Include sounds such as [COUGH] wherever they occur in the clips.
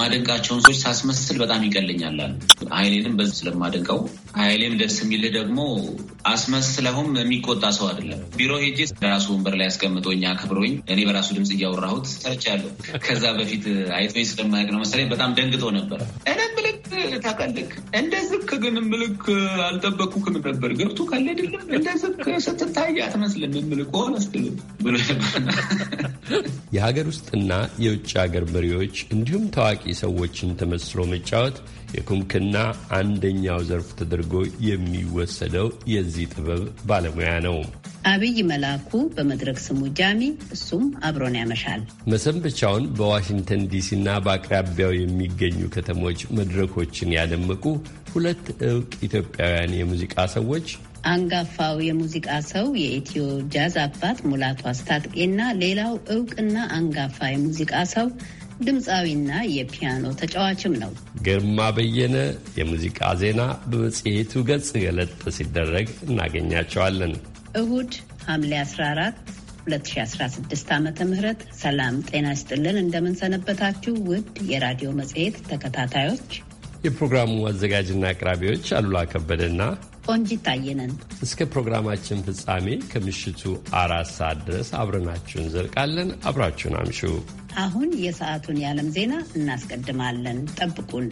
የማደንቃቸውን ሰዎች ሳስመስል በጣም ይቀለኛል አሉ። ሀይሌንም በዚህ ስለማደንቀው ሀይሌም ደስ የሚል ደግሞ አስመስለውም የሚቆጣ ሰው አይደለም። ቢሮ ሄጄ በራሱ ወንበር ላይ አስቀምጦኝ አክብሮኝ እኔ በራሱ ድምፅ እያወራሁት ሰርቻለሁ። ከዛ በፊት አይቶኝ ስለማያውቅ ነው መሰለኝ በጣም ደንግጦ ነበር። እኔም ልክ ታውቃለህ እንደዚህ ግን ምልክ አልጠበቅኩም ነበር ገብቶ ካልሄድልም እንደዚህ ስትታይ አትመስልም ምልክ ሆነስትልም ብሎ የሀገር ውስጥና የውጭ ሀገር መሪዎች እንዲሁም ታዋቂ ሰዎችን ተመስሎ መጫወት የኩምክና አንደኛው ዘርፍ ተደርጎ የሚወሰደው የዚህ ጥበብ ባለሙያ ነው። አብይ መላኩ በመድረክ ስሙ ጃሚ፣ እሱም አብሮን ያመሻል። መሰንበቻውን በዋሽንግተን ዲሲና በአቅራቢያው የሚገኙ ከተሞች መድረኮችን ያደመቁ ሁለት እውቅ ኢትዮጵያውያን የሙዚቃ ሰዎች አንጋፋው የሙዚቃ ሰው የኢትዮ ጃዝ አባት ሙላቱ አስታጥቄና ሌላው እውቅና አንጋፋ የሙዚቃ ሰው ድምፃዊና የፒያኖ ተጫዋችም ነው። ግርማ በየነ የሙዚቃ ዜና በመጽሔቱ ገጽ ገለጥ ሲደረግ እናገኛቸዋለን። እሁድ ሐምሌ 14 2016 ዓ ም ሰላም ጤና ይስጥልን። እንደምንሰነበታችሁ ውድ የራዲዮ መጽሔት ተከታታዮች የፕሮግራሙ አዘጋጅና አቅራቢዎች አሉላ ከበደና ቆንጂት ታየ እስከ ፕሮግራማችን ፍጻሜ ከምሽቱ አራት ሰዓት ድረስ አብረናችሁ እንዘልቃለን። አብራችሁን አምሹ። አሁን የሰዓቱን የዓለም ዜና እናስቀድማለን። ጠብቁን።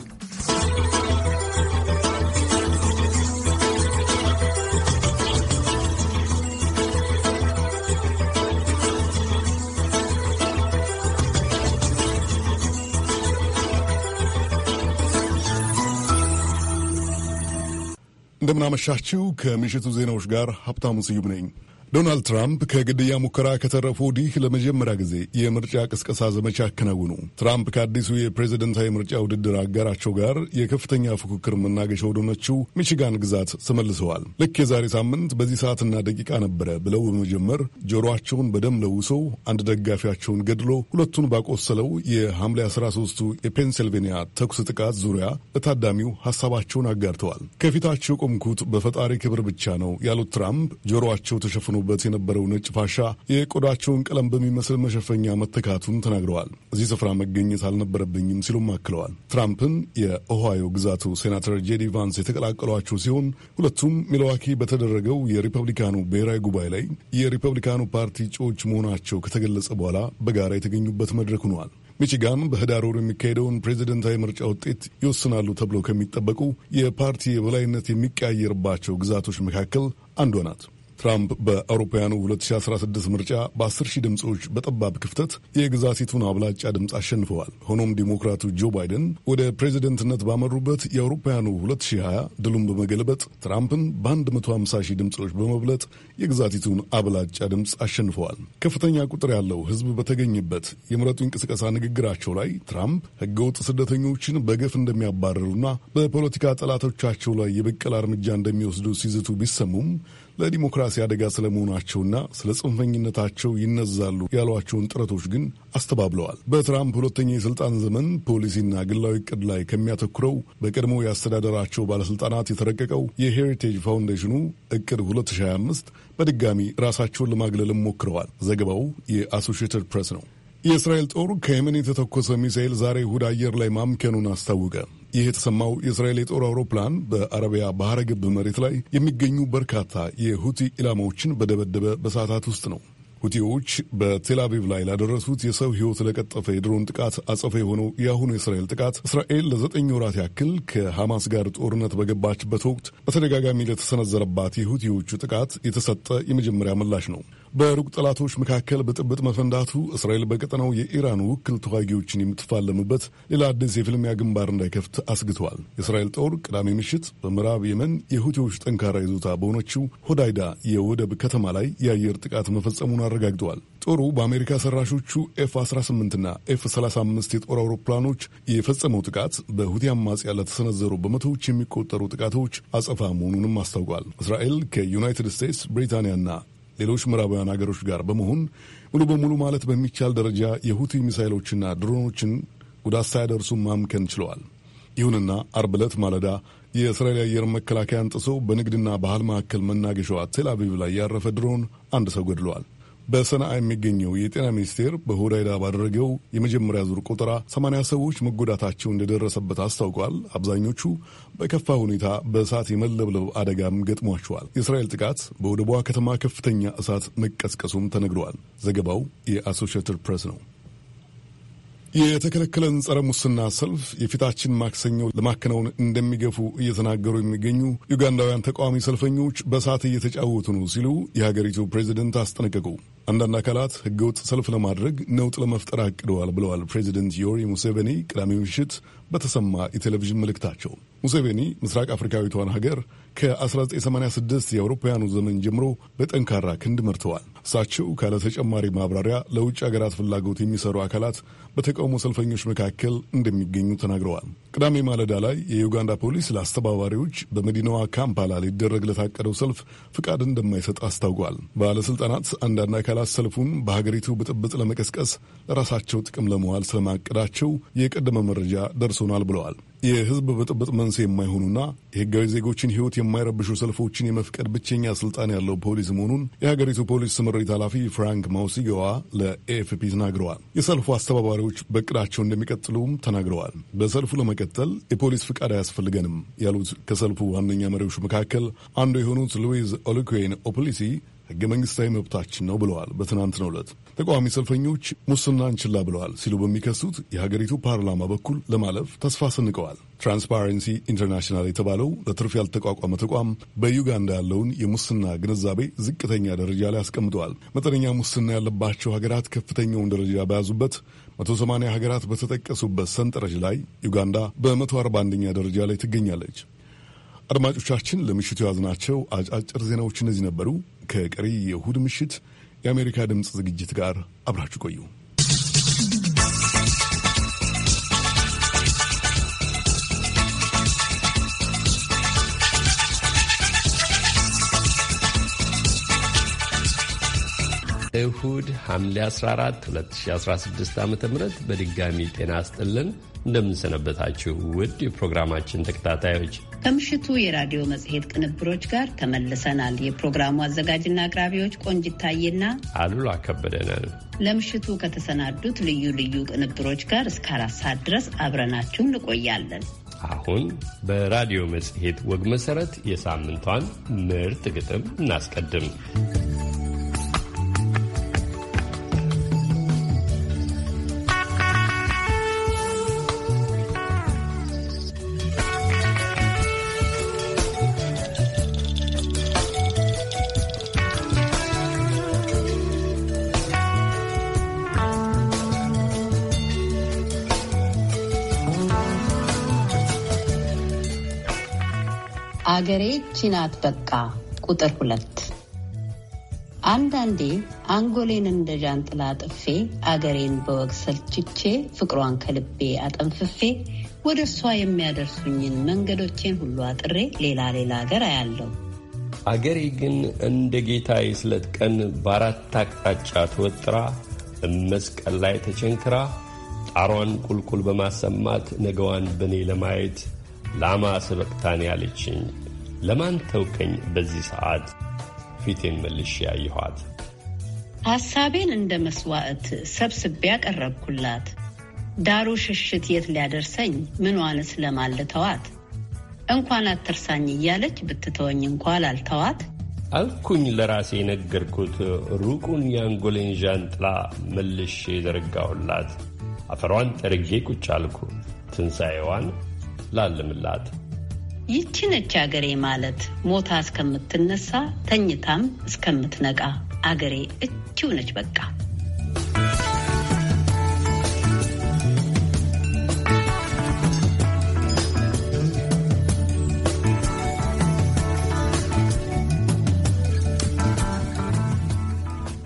እንደምናመሻችው ከምሽቱ ዜናዎች ጋር ሀብታሙ ስዩም ነኝ። ዶናልድ ትራምፕ ከግድያ ሙከራ ከተረፉ ወዲህ ለመጀመሪያ ጊዜ የምርጫ ቅስቀሳ ዘመቻ አከናውኑ። ትራምፕ ከአዲሱ የፕሬዝደንታዊ ምርጫ ውድድር አጋራቸው ጋር የከፍተኛ ፉክክር መናገሻ ወደሆነችው ሚችጋን ግዛት ተመልሰዋል። ልክ የዛሬ ሳምንት በዚህ ሰዓትና ደቂቃ ነበረ ብለው በመጀመር ጆሮአቸውን በደም ለውሰው አንድ ደጋፊያቸውን ገድሎ ሁለቱን ባቆሰለው የሐምሌ 13ቱ የፔንሲልቬኒያ ተኩስ ጥቃት ዙሪያ ለታዳሚው ሀሳባቸውን አጋርተዋል። ከፊታቸው ቆምኩት በፈጣሪ ክብር ብቻ ነው ያሉት ትራምፕ ጆሮአቸው ተሸፍኖ ይዝናኑበት የነበረው ነጭ ፋሻ የቆዳቸውን ቀለም በሚመስል መሸፈኛ መተካቱን ተናግረዋል። እዚህ ስፍራ መገኘት አልነበረብኝም ሲሉም አክለዋል። ትራምፕን የኦሃዮ ግዛቱ ሴናተር ጄዲ ቫንስ የተቀላቀሏቸው ሲሆን ሁለቱም ሚልዋኪ በተደረገው የሪፐብሊካኑ ብሔራዊ ጉባኤ ላይ የሪፐብሊካኑ ፓርቲ እጩዎች መሆናቸው ከተገለጸ በኋላ በጋራ የተገኙበት መድረክ ሆነዋል። ሚቺጋን በህዳር ወር የሚካሄደውን ፕሬዚደንታዊ ምርጫ ውጤት ይወስናሉ ተብለው ከሚጠበቁ የፓርቲ የበላይነት የሚቀያየርባቸው ግዛቶች መካከል አንዷ ናት። ትራምፕ በአውሮፓውያኑ 2016 ምርጫ በ10 ሺህ ድምፆች በጠባብ ክፍተት የግዛቲቱን አብላጫ ድምፅ አሸንፈዋል። ሆኖም ዲሞክራቱ ጆ ባይደን ወደ ፕሬዚደንትነት ባመሩበት የአውሮፓውያኑ 2020 ድሉን በመገልበጥ ትራምፕን በ150 ሺህ ድምፆች በመብለጥ የግዛቲቱን አብላጫ ድምፅ አሸንፈዋል። ከፍተኛ ቁጥር ያለው ሕዝብ በተገኘበት የምረጡ እንቅስቀሳ ንግግራቸው ላይ ትራምፕ ሕገወጥ ስደተኞችን በገፍ እንደሚያባረሩና በፖለቲካ ጠላቶቻቸው ላይ የበቀል እርምጃ እንደሚወስዱ ሲዝቱ ቢሰሙም ለዲሞክራሲ አደጋ ስለመሆናቸውና ስለ ጽንፈኝነታቸው ይነዛሉ ያሏቸውን ጥረቶች ግን አስተባብለዋል። በትራምፕ ሁለተኛ የስልጣን ዘመን ፖሊሲና ግላዊ እቅድ ላይ ከሚያተኩረው በቀድሞ የአስተዳደራቸው ባለስልጣናት የተረቀቀው የሄሪቴጅ ፋውንዴሽኑ እቅድ 2025 በድጋሚ ራሳቸውን ለማግለልም ሞክረዋል። ዘገባው የአሶሺየትድ ፕሬስ ነው። የእስራኤል ጦር ከየመን የተተኮሰ ሚሳኤል ዛሬ እሁድ አየር ላይ ማምከኑን አስታወቀ። ይህ የተሰማው የእስራኤል የጦር አውሮፕላን በአረቢያ ባህረ ገብ መሬት ላይ የሚገኙ በርካታ የሁቲ ኢላማዎችን በደበደበ በሰዓታት ውስጥ ነው። ሁቲዎች በቴላቪቭ ላይ ላደረሱት የሰው ሕይወት ለቀጠፈ የድሮን ጥቃት አጸፈ የሆነው የአሁኑ የእስራኤል ጥቃት እስራኤል ለዘጠኝ ወራት ያክል ከሐማስ ጋር ጦርነት በገባችበት ወቅት በተደጋጋሚ ለተሰነዘረባት የሁቲዎቹ ጥቃት የተሰጠ የመጀመሪያ ምላሽ ነው። በሩቅ ጠላቶች መካከል ብጥብጥ መፈንዳቱ እስራኤል በቀጠናው የኢራን ውክል ተዋጊዎችን የምትፋለምበት ሌላ አዲስ የፍልሚያ ግንባር እንዳይከፍት አስግተዋል። የእስራኤል ጦር ቅዳሜ ምሽት በምዕራብ የመን የሁቲዎች ጠንካራ ይዞታ በሆነችው ሆዳይዳ የወደብ ከተማ ላይ የአየር ጥቃት መፈጸሙን አረጋግጠዋል። ጦሩ በአሜሪካ ሰራሾቹ ኤፍ 18ና ኤፍ 35 የጦር አውሮፕላኖች የፈጸመው ጥቃት በሁቲ አማጽያ ለተሰነዘሩ በመቶዎች የሚቆጠሩ ጥቃቶች አጸፋ መሆኑንም አስታውቋል። እስራኤል ከዩናይትድ ስቴትስ ብሪታንያና ሌሎች ምዕራባውያን ሀገሮች ጋር በመሆን ሙሉ በሙሉ ማለት በሚቻል ደረጃ የሁቲ ሚሳይሎችና ድሮኖችን ጉዳት ሳያደርሱ ማምከን ችለዋል። ይሁንና አርብ ዕለት ማለዳ የእስራኤል አየር መከላከያን ጥሶ በንግድና ባህል መካከል መናገሻዋ ቴል አቪቭ ላይ ያረፈ ድሮን አንድ ሰው ገድለዋል። በሰነአ የሚገኘው የጤና ሚኒስቴር በሆዳይዳ ባደረገው የመጀመሪያ ዙር ቆጠራ 80 ሰዎች መጎዳታቸው እንደደረሰበት አስታውቋል። አብዛኞቹ በከፋ ሁኔታ በእሳት የመለብለብ አደጋም ገጥሟቸዋል። የእስራኤል ጥቃት በወደቧ ከተማ ከፍተኛ እሳት መቀስቀሱም ተነግረዋል። ዘገባው የአሶሽትድ ፕሬስ ነው። የተከለከለን ጸረ ሙስና ሰልፍ የፊታችን ማክሰኞ ለማከናወን እንደሚገፉ እየተናገሩ የሚገኙ ዩጋንዳውያን ተቃዋሚ ሰልፈኞች በእሳት እየተጫወቱ ነው ሲሉ የሀገሪቱ ፕሬዚደንት አስጠነቀቁ። አንዳንድ አካላት ህገወጥ ሰልፍ ለማድረግ ነውጥ ለመፍጠር አቅደዋል ብለዋል ፕሬዚደንት ዮሪ ሙሴቬኒ ቅዳሜ ምሽት በተሰማ የቴሌቪዥን መልእክታቸው። ሙሴቬኒ ምስራቅ አፍሪካዊቷን ሀገር ከ1986 የአውሮፓውያኑ ዘመን ጀምሮ በጠንካራ ክንድ መርተዋል። እሳቸው ካለ ተጨማሪ ማብራሪያ ለውጭ ሀገራት ፍላጎት የሚሰሩ አካላት በተቃውሞ ሰልፈኞች መካከል እንደሚገኙ ተናግረዋል። ቅዳሜ ማለዳ ላይ የዩጋንዳ ፖሊስ ለአስተባባሪዎች በመዲናዋ ካምፓላ ሊደረግ ለታቀደው ሰልፍ ፍቃድ እንደማይሰጥ አስታውቋል። ባለሥልጣናት አንዳንድ አካላት ሰልፉን በሀገሪቱ ብጥብጥ ለመቀስቀስ ለራሳቸው ጥቅም ለመዋል ስለማቀዳቸው የቀደመ መረጃ ደርሶናል ብለዋል። የህዝብ ብጥብጥ መንስኤ የማይሆኑና የህጋዊ ዜጎችን ህይወት የማይረብሹ ሰልፎችን የመፍቀድ ብቸኛ ስልጣን ያለው ፖሊስ መሆኑን የሀገሪቱ ፖሊስ ስምሪት ኃላፊ ፍራንክ ማውሲጋዋ ለኤኤፍፒ ተናግረዋል። የሰልፉ አስተባባሪዎች በቅዳቸው እንደሚቀጥሉም ተናግረዋል። በሰልፉ ለመቀጠል የፖሊስ ፍቃድ አያስፈልገንም ያሉት ከሰልፉ ዋነኛ መሪዎች መካከል አንዱ የሆኑት ሉዊዝ ኦሊኩዌን ኦፕሊሲ ህገ መንግስታዊ መብታችን ነው ብለዋል። በትናንትናው ዕለት ተቃዋሚ ሰልፈኞች ሙስናን ችላ ብለዋል ሲሉ በሚከሱት የሀገሪቱ ፓርላማ በኩል ለማለፍ ተስፋ ሰንቀዋል። ትራንስፓረንሲ ኢንተርናሽናል የተባለው ለትርፍ ያልተቋቋመ ተቋም በዩጋንዳ ያለውን የሙስና ግንዛቤ ዝቅተኛ ደረጃ ላይ አስቀምጠዋል። መጠነኛ ሙስና ያለባቸው ሀገራት ከፍተኛውን ደረጃ በያዙበት 180 ሀገራት በተጠቀሱበት ሰንጠረዥ ላይ ዩጋንዳ በ141ኛ ደረጃ ላይ ትገኛለች። አድማጮቻችን፣ ለምሽቱ የያዝናቸው አጫጭር ዜናዎች እነዚህ ነበሩ። ከቀሪ የእሁድ ምሽት የአሜሪካ ድምፅ ዝግጅት ጋር አብራችሁ ቆዩ። እሁድ ሐምሌ 14 2016 ዓ ም በድጋሚ ጤና ስጥልን እንደምንሰነበታችሁ ውድ የፕሮግራማችን ተከታታዮች፣ ከምሽቱ የራዲዮ መጽሔት ቅንብሮች ጋር ተመልሰናል። የፕሮግራሙ አዘጋጅና አቅራቢዎች ቆንጅት ታየና አሉላ ከበደናል። ለምሽቱ ከተሰናዱት ልዩ ልዩ ቅንብሮች ጋር እስከ አራት ሰዓት ድረስ አብረናችሁ እንቆያለን። አሁን በራዲዮ መጽሔት ወግ መሠረት የሳምንቷን ምርጥ ግጥም እናስቀድም። ሀገሬ ቺናት በቃ ቁጥር ሁለት አንዳንዴ አንጎሌን እንደ ጃንጥላ ጥፌ አገሬን በወግ ሰልችቼ ፍቅሯን ከልቤ አጠንፍፌ ወደ እሷ የሚያደርሱኝን መንገዶቼን ሁሉ አጥሬ ሌላ ሌላ ሀገር አያለሁ። አገሬ ግን እንደ ጌታ የስለት ቀን በአራት አቅጣጫ ተወጥራ መስቀል ላይ ተቸንክራ ጣሯን ቁልቁል በማሰማት ነገዋን በእኔ ለማየት ላማ ሰበቅታን ያለችኝ ለማን ተውከኝ በዚህ ሰዓት ፊቴን መልሼ ያየኋት ሐሳቤን እንደ መስዋዕት ሰብስቤ ያቀረብኩላት ዳሩ ሽሽት የት ሊያደርሰኝ ምኗንስ ለማልተዋት እንኳን አትርሳኝ እያለች ብትተወኝ እንኳ ላልተዋት አልኩኝ ለራሴ የነገርኩት ሩቁን የአንጎሌን ዣንጥላ መልሼ ዘረጋሁላት አፈሯን ጠርጌ ቁጭ አልኩ ትንሣኤዋን ላልምላት ይቺ ነች አገሬ ማለት ሞታ እስከምትነሳ ተኝታም እስከምትነቃ አገሬ እችው ነች በቃ።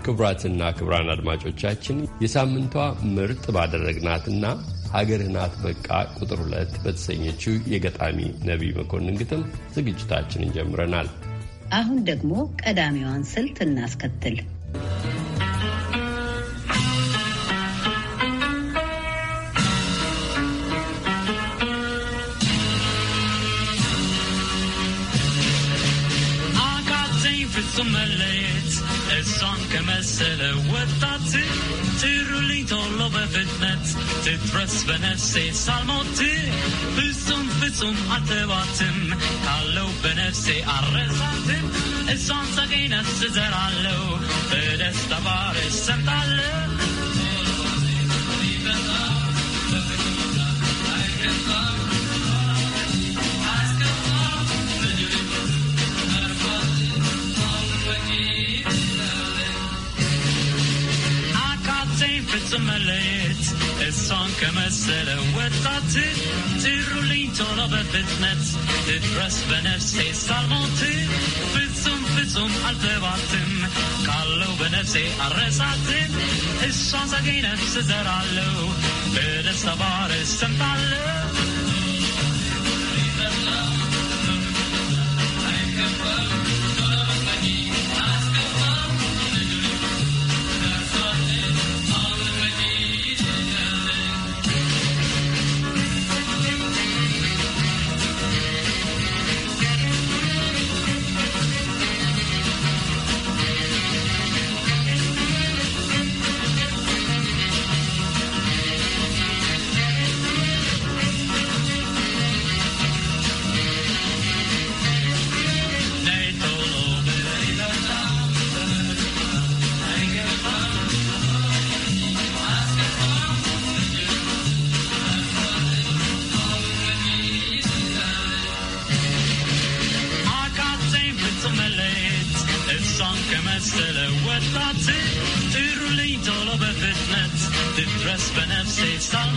ክቡራትና ክቡራን አድማጮቻችን የሳምንቷ ምርጥ ባደረግናትና ሀገርህ ናት በቃ ቁጥር ሁለት በተሰኘችው የገጣሚ ነቢይ መኮንን ግጥም ዝግጅታችንን ጀምረናል። አሁን ደግሞ ቀዳሚዋን ስልት እናስከትል። It's song can mess it up with bröstvenner FC Salmonti Husum, Fusum, Atvatim ካለውብን FC አረሳትም እሷን ጸጌነት እዘራለሁ በደስታ ባር እሰምጣለሁ It's a song en met zeilen we dat u. Tirolien tol op het witnet. De dress van FC Salmonte. Fitsum, fitsum, alte watum. Kallo ben FC Arresatin. Is chance again FC Zeralo. Bede Sabar is Sentalo. The dress when I say so.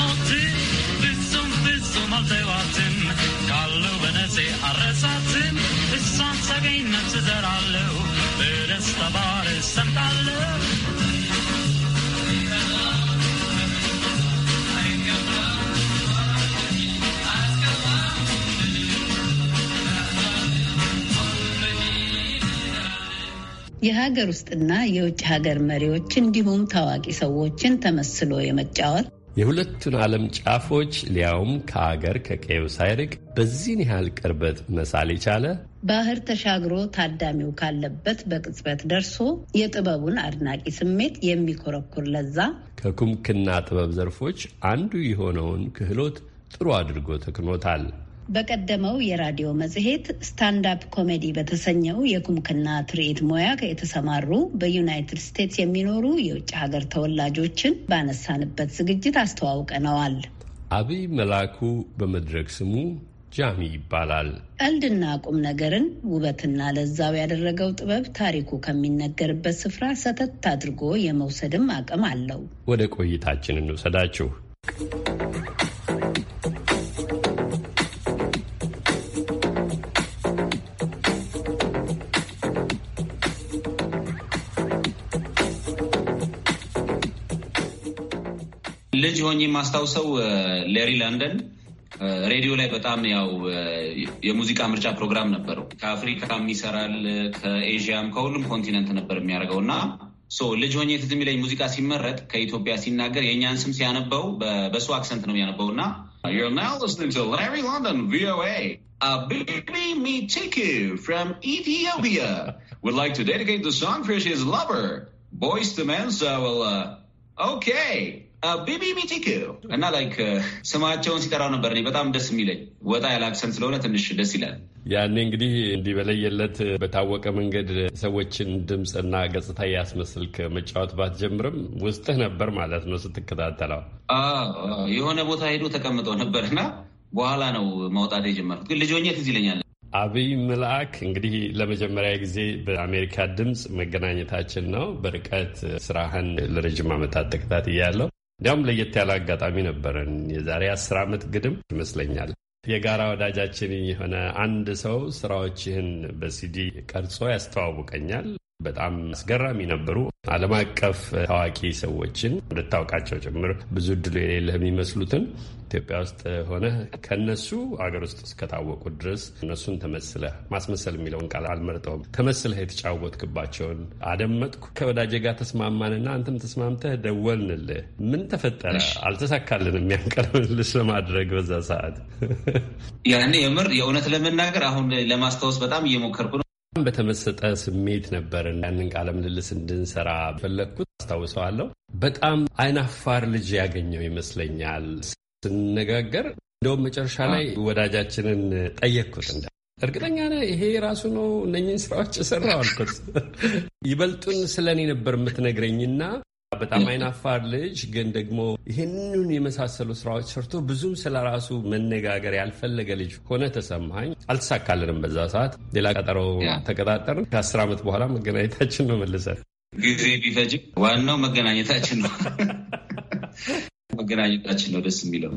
የሀገር ውስጥና የውጭ ሀገር መሪዎች እንዲሁም ታዋቂ ሰዎችን ተመስሎ የመጫወት የሁለቱን ዓለም ጫፎች ሊያውም ከአገር ከቀየው ሳይርቅ በዚህን ያህል ቅርበት መሳል የቻለ ባህር ተሻግሮ ታዳሚው ካለበት በቅጽበት ደርሶ የጥበቡን አድናቂ ስሜት የሚኮረኩር ለዛ ከኩምክና ጥበብ ዘርፎች አንዱ የሆነውን ክህሎት ጥሩ አድርጎ ተክኖታል። በቀደመው የራዲዮ መጽሔት ስታንዳፕ ኮሜዲ በተሰኘው የኩምክና ትርኢት ሙያ የተሰማሩ በዩናይትድ ስቴትስ የሚኖሩ የውጭ ሀገር ተወላጆችን ባነሳንበት ዝግጅት አስተዋውቀነዋል። አብይ መላኩ በመድረክ ስሙ ጃሚ ይባላል። ቀልድና ቁም ነገርን ውበትና ለዛው ያደረገው ጥበብ ታሪኩ ከሚነገርበት ስፍራ ሰተት አድርጎ የመውሰድም አቅም አለው። ወደ ቆይታችን እንውሰዳችሁ። ሆኜ የማስታውሰው ሌሪ ለንደን ሬዲዮ ላይ በጣም ያው የሙዚቃ ምርጫ ፕሮግራም ነበረው። ከአፍሪካም ይሰራል፣ ከኤዥያም ከሁሉም ኮንቲነንት ነበር የሚያደርገው እና ልጅ ሆኜ ትዝ የሚለኝ ሙዚቃ ሲመረጥ ከኢትዮጵያ ሲናገር የእኛን ስም ሲያነበው በሱ አክሰንት ነው የሚያነበው እና ኢትዮጵያ ቤቢ uh, ሚቲክ እና ላይክ uh, ስማቸውን ሲጠራው ነበር። እኔ በጣም ደስ የሚለኝ ወጣ ያለ አክሰንት ስለሆነ ትንሽ ደስ ይላል። ያኔ እንግዲህ እንዲህ በለየለት በታወቀ መንገድ ሰዎችን ድምፅና ገጽታ ያስመስልክ መጫወት ባትጀምርም ውስጥህ ነበር ማለት ነው ስትከታተለው። የሆነ ቦታ ሄዶ ተቀምጦ እና በኋላ ነው ማውጣት የጀመርኩት። ግን ልጆኜ ትዝ ይለኛል። አብይ መልአክ እንግዲህ ለመጀመሪያ ጊዜ በአሜሪካ ድምፅ መገናኘታችን ነው። በርቀት ስራህን ለረጅም ዓመታት እያለው እንዲያውም ለየት ያለ አጋጣሚ ነበረን የዛሬ አስር ዓመት ግድም ይመስለኛል። የጋራ ወዳጃችን የሆነ አንድ ሰው ስራዎችህን በሲዲ ቀርጾ ያስተዋውቀኛል። በጣም አስገራሚ ነበሩ። ዓለም አቀፍ ታዋቂ ሰዎችን እንድታውቃቸው ጭምር ብዙ እድሉ የሌለህ የሚመስሉትን ኢትዮጵያ ውስጥ ሆነ ከነሱ አገር ውስጥ እስከታወቁ ድረስ እነሱን ተመስለህ ማስመሰል የሚለውን ቃል አልመርጠውም፣ ተመስለህ የተጫወትክባቸውን አደመጥኩ። ከወዳጄ ጋር ተስማማንና አንተም ተስማምተህ ደወልንልህ። ምን ተፈጠረ? አልተሳካልንም ያንቀረምልስ ለማድረግ በዛ ሰዓት ያኔ የምር የእውነት ለመናገር አሁን ለማስታወስ በጣም እየሞከርኩ ነው። በተመሰጠ ስሜት ነበር ያንን ቃለ ምልልስ እንድንሰራ ፈለግኩት። አስታውሰዋለሁ። በጣም አይናፋር ልጅ ያገኘው ይመስለኛል ስነጋገር እንደውም መጨረሻ ላይ ወዳጃችንን ጠየቅኩት እንደ እርግጠኛ ነህ ይሄ ራሱ ነው እነኝን ስራዎች የሰራው አልኩት። ይበልጡን ስለ እኔ ነበር የምትነግረኝና በጣም አይናፋር ልጅ ግን ደግሞ ይህንን የመሳሰሉ ስራዎች ሰርቶ ብዙም ስለ ራሱ መነጋገር ያልፈለገ ልጅ ሆነ ተሰማኝ። አልተሳካልንም። በዛ ሰዓት ሌላ ቀጠሮ ተቀጣጠርን። ከአስር ዓመት በኋላ መገናኘታችን ነው። መልሰን ጊዜ ቢፈጅም ዋናው መገናኘታችን ነው። መገናኘታችን ነው ደስ የሚለው።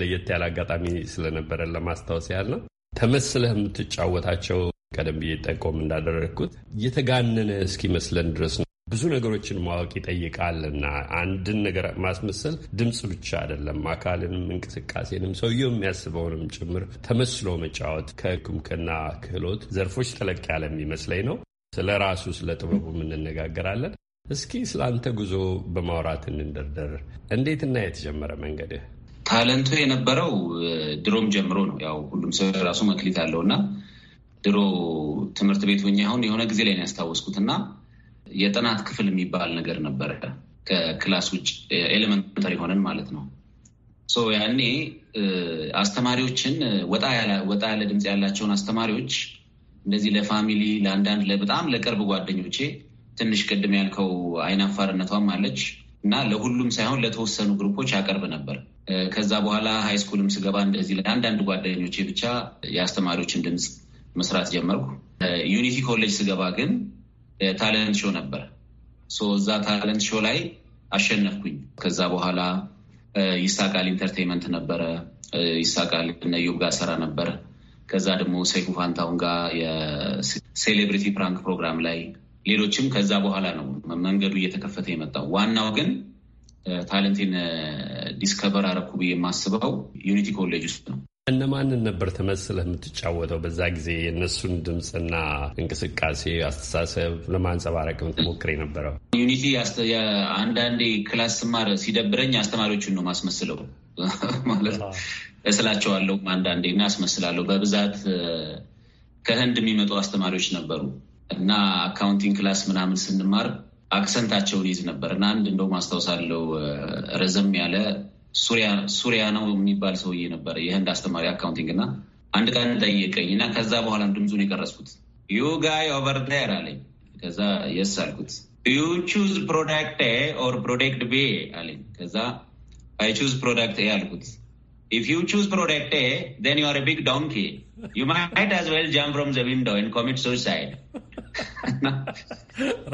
ለየት ያለ አጋጣሚ ስለነበረ ለማስታወስ ያህል ነው። ተመስለህ የምትጫወታቸው ቀደም ብዬ ጠቆም እንዳደረግኩት የተጋነነ እስኪመስለን ድረስ ነው ብዙ ነገሮችን ማወቅ ይጠይቃልና አንድን ነገር ማስመሰል ድምፅ ብቻ አይደለም፣ አካልንም፣ እንቅስቃሴንም ሰውየው የሚያስበውንም ጭምር ተመስሎ መጫወት ከክምክና ክህሎት ዘርፎች ተለቅ ያለ የሚመስለኝ ነው። ስለ ራሱ ስለ ጥበቡም እንነጋገራለን። እስኪ ስለ አንተ ጉዞ በማውራት እንደርደር። እንዴትና የተጀመረ መንገድህ? ታለንቶ የነበረው ድሮም ጀምሮ ነው። ያው ሁሉም ሰው ራሱ መክሊት አለውና ድሮ ትምህርት ቤት ሆኜ አሁን የሆነ ጊዜ ላይ ነው ያስታወስኩት እና የጥናት ክፍል የሚባል ነገር ነበረ ከክላስ ውጭ ኤሌመንተሪ ሆነን ማለት ነው። ያኔ አስተማሪዎችን ወጣ ያለ ድምፅ ያላቸውን አስተማሪዎች እንደዚህ ለፋሚሊ ለአንዳንድ በጣም ለቅርብ ጓደኞቼ ትንሽ ቅድም ያልከው አይናፋርነቷም አለች እና ለሁሉም ሳይሆን ለተወሰኑ ግሩፖች ያቀርብ ነበር። ከዛ በኋላ ሃይስኩልም ስገባ እንደዚህ ለአንዳንድ ጓደኞቼ ብቻ የአስተማሪዎችን ድምፅ መስራት ጀመርኩ። ዩኒቲ ኮሌጅ ስገባ ግን ታለንት ሾው ነበር። እዛ ታለንት ሾው ላይ አሸነፍኩኝ። ከዛ በኋላ ይሳቃል ኢንተርቴንመንት ነበረ። ይሳቃል እነዮብ ጋር ሰራ ነበር። ከዛ ደግሞ ሰይፉ ፋንታውን ጋር የሴሌብሪቲ ፕራንክ ፕሮግራም ላይ ሌሎችም። ከዛ በኋላ ነው መንገዱ እየተከፈተ የመጣው። ዋናው ግን ታለንቴን ዲስከቨር አረኩ ብዬ የማስበው ዩኒቲ ኮሌጅ ውስጥ ነው። እነማንን ነበር ተመስለህ የምትጫወተው? በዛ ጊዜ የእነሱን ድምፅና እንቅስቃሴ፣ አስተሳሰብ ለማንጸባረቅ የምትሞክር የነበረው? ዩኒቲ አንዳንዴ ክላስ ስማር ሲደብረኝ አስተማሪዎችን ነው ማስመስለው [LAUGHS] ማለት እስላቸዋለሁ አንዳንዴ እና አስመስላለሁ። በብዛት ከህንድ የሚመጡ አስተማሪዎች ነበሩ እና አካውንቲንግ ክላስ ምናምን ስንማር አክሰንታቸውን ይዝ ነበር እና አንድ እንደውም አስታውሳለሁ ረዘም ያለ ሱሪያ ነው የሚባል ሰውዬ ነበረ የህንድ አስተማሪ አካውንቲንግ እና አንድ ቀን ጠየቀኝ እና ከዛ በኋላ ድምፁን የቀረስኩት ዩ ጋይ ኦቨር ዴር አለኝ። ከዛ የስ አልኩት። ዩ ቹዝ ፕሮዳክት ኤ ኦር ፕሮዳክት ቤ አለኝ። ከዛ አይ ቹዝ ፕሮዳክት ኤ አልኩት። ኢፍ ዩ ቹዝ ፕሮዳክት ኤ ዜን ዩ አር ቢግ ዶንኪ ዩ ማይት አዝ ዌል ጃምፕ ፍሮም ዘ ዊንዶው ኤንድ ኮሚት ሱሳይድ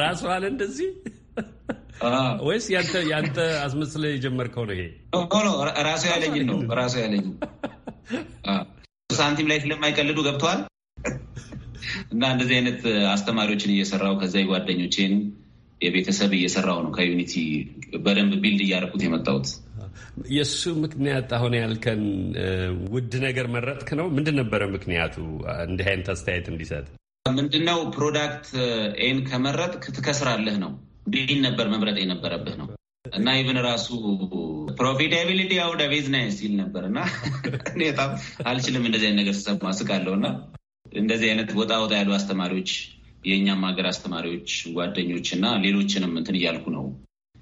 ራስዋል እንደዚህ ወይስ ያንተ አስመስለ የጀመርከው ነው? ይሄ ራሱ ያለኝን ነው። ራሱ ያለኝን ሳንቲም ላይ ስለማይቀልዱ ገብተዋል። እና እንደዚህ አይነት አስተማሪዎችን እየሰራው ከዛ ጓደኞቼን የቤተሰብ እየሰራው ነው ከዩኒቲ በደንብ ቢልድ እያደረኩት የመጣሁት። የእሱ ምክንያት አሁን ያልከን ውድ ነገር መረጥክ ነው። ምንድን ነበረ ምክንያቱ እንዲህ አይነት አስተያየት እንዲሰጥ? ምንድነው ፕሮዳክት ኤን ከመረጥክ ትከስራለህ ነው ዲን ነበር መምረጥ የነበረብህ ነው እና ኢቨን ራሱ ፕሮፊታቢሊቲ አውደ ቢዝነስ ይል ነበር እና እኔ በጣም አልችልም እንደዚህ አይነት ነገር ስሰማ ስቃለሁ እና እንደዚህ አይነት ወጣ ወጣ ያሉ አስተማሪዎች የእኛም ሀገር አስተማሪዎች ጓደኞች እና ሌሎችንም እንትን እያልኩ ነው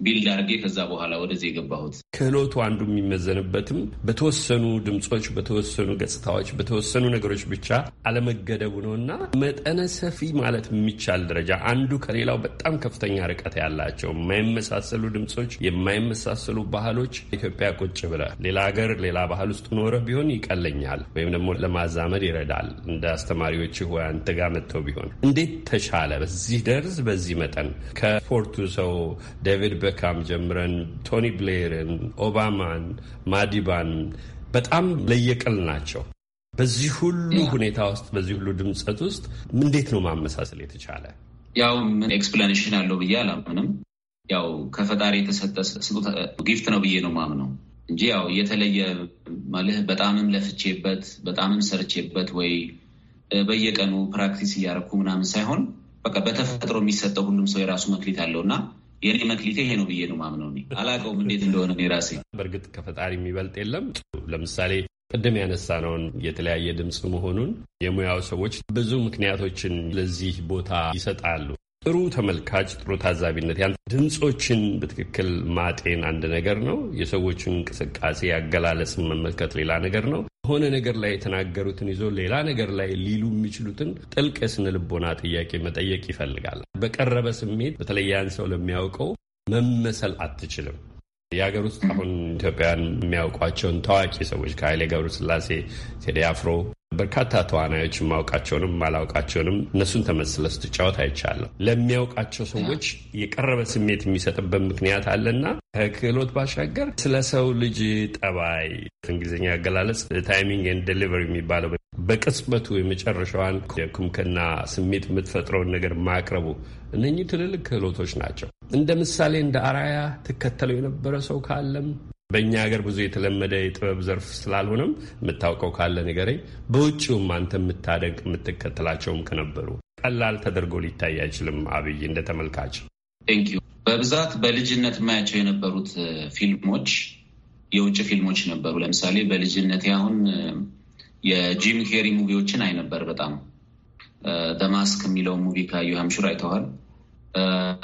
ቢልድ አድርጌ ከዛ በኋላ ወደዚህ የገባሁት ክህሎቱ አንዱ የሚመዘንበትም በተወሰኑ ድምፆች፣ በተወሰኑ ገጽታዎች፣ በተወሰኑ ነገሮች ብቻ አለመገደቡ ነው እና መጠነ ሰፊ ማለት የሚቻል ደረጃ አንዱ ከሌላው በጣም ከፍተኛ ርቀት ያላቸው የማይመሳሰሉ ድምፆች፣ የማይመሳሰሉ ባህሎች ኢትዮጵያ ቁጭ ብለ ሌላ ሀገር ሌላ ባህል ውስጥ ኖረ ቢሆን ይቀለኛል ወይም ደግሞ ለማዛመድ ይረዳል እንደ አስተማሪዎች ወይ አንተ ጋር መጥተው ቢሆን እንዴት ተሻለ በዚህ ደርዝ በዚህ መጠን ከስፖርቱ ሰው ዴቪድ ቤካም ጀምረን ቶኒ ብሌርን፣ ኦባማን፣ ማዲባን በጣም ለየቅል ናቸው። በዚህ ሁሉ ሁኔታ ውስጥ በዚህ ሁሉ ድምፀት ውስጥ እንዴት ነው ማመሳሰል የተቻለ? ያው ምን ኤክስፕላኔሽን አለው ብዬ አላምንም። ያው ከፈጣሪ የተሰጠ ስጦታ ጊፍት ነው ብዬ ነው ማምነው እንጂ ያው የተለየ ማለህ በጣምም ለፍቼበት በጣምም ሰርቼበት ወይ በየቀኑ ፕራክቲስ እያደረኩ ምናምን ሳይሆን በቃ በተፈጥሮ የሚሰጠው ሁሉም ሰው የራሱ መክሊት አለው እና የኔ መክሊቴ ይሄ ነው ብዬ ነው ማምነው። አላውቀውም እንዴት እንደሆነ እኔ ራሴ። በእርግጥ ከፈጣሪ የሚበልጥ የለም። ለምሳሌ ቅድም ያነሳነውን የተለያየ ድምፅ መሆኑን የሙያው ሰዎች ብዙ ምክንያቶችን ለዚህ ቦታ ይሰጣሉ። ጥሩ ተመልካች፣ ጥሩ ታዛቢነት ያን ድምፆችን በትክክል ማጤን አንድ ነገር ነው። የሰዎችን እንቅስቃሴ አገላለጽ መመልከት ሌላ ነገር ነው። ሆነ ነገር ላይ የተናገሩትን ይዞ ሌላ ነገር ላይ ሊሉ የሚችሉትን ጥልቅ የስነ ልቦና ጥያቄ መጠየቅ ይፈልጋል። በቀረበ ስሜት በተለይ ያን ሰው ለሚያውቀው መመሰል አትችልም። የሀገር ውስጥ አሁን ኢትዮጵያን የሚያውቋቸውን ታዋቂ ሰዎች ከኃይሌ ገብረስላሴ ቴዲ አፍሮ በርካታ ተዋናዮች ማውቃቸውንም ማላውቃቸውንም እነሱን ተመስለ ስትጫወት አይቻለሁ። ለሚያውቃቸው ሰዎች የቀረበ ስሜት የሚሰጥበት ምክንያት አለና ከክህሎት ባሻገር ስለ ሰው ልጅ ጠባይ እንግሊዝኛ አገላለጽ ታይሚንግ ኤንድ ዴሊቨሪ የሚባለው በቅጽበቱ የመጨረሻዋን የኩምክና ስሜት የምትፈጥረውን ነገር ማቅረቡ እነኚህ ትልልቅ ክህሎቶች ናቸው። እንደ ምሳሌ እንደ አራያ ትከተለው የነበረ ሰው ካለም በእኛ ሀገር ብዙ የተለመደ የጥበብ ዘርፍ ስላልሆነም የምታውቀው ካለ ንገረኝ። በውጭውም አንተ የምታደንቅ የምትከተላቸውም ከነበሩ ቀላል ተደርጎ ሊታይ አይችልም። አብይ እንደ ተመልካች በብዛት በልጅነት የማያቸው የነበሩት ፊልሞች የውጭ ፊልሞች ነበሩ። ለምሳሌ በልጅነት አሁን የጂም ኬሪ ሙቪዎችን አይ ነበር በጣም ደማስክ የሚለው ሙቪ ካዩ ሀምሹር አይተዋል።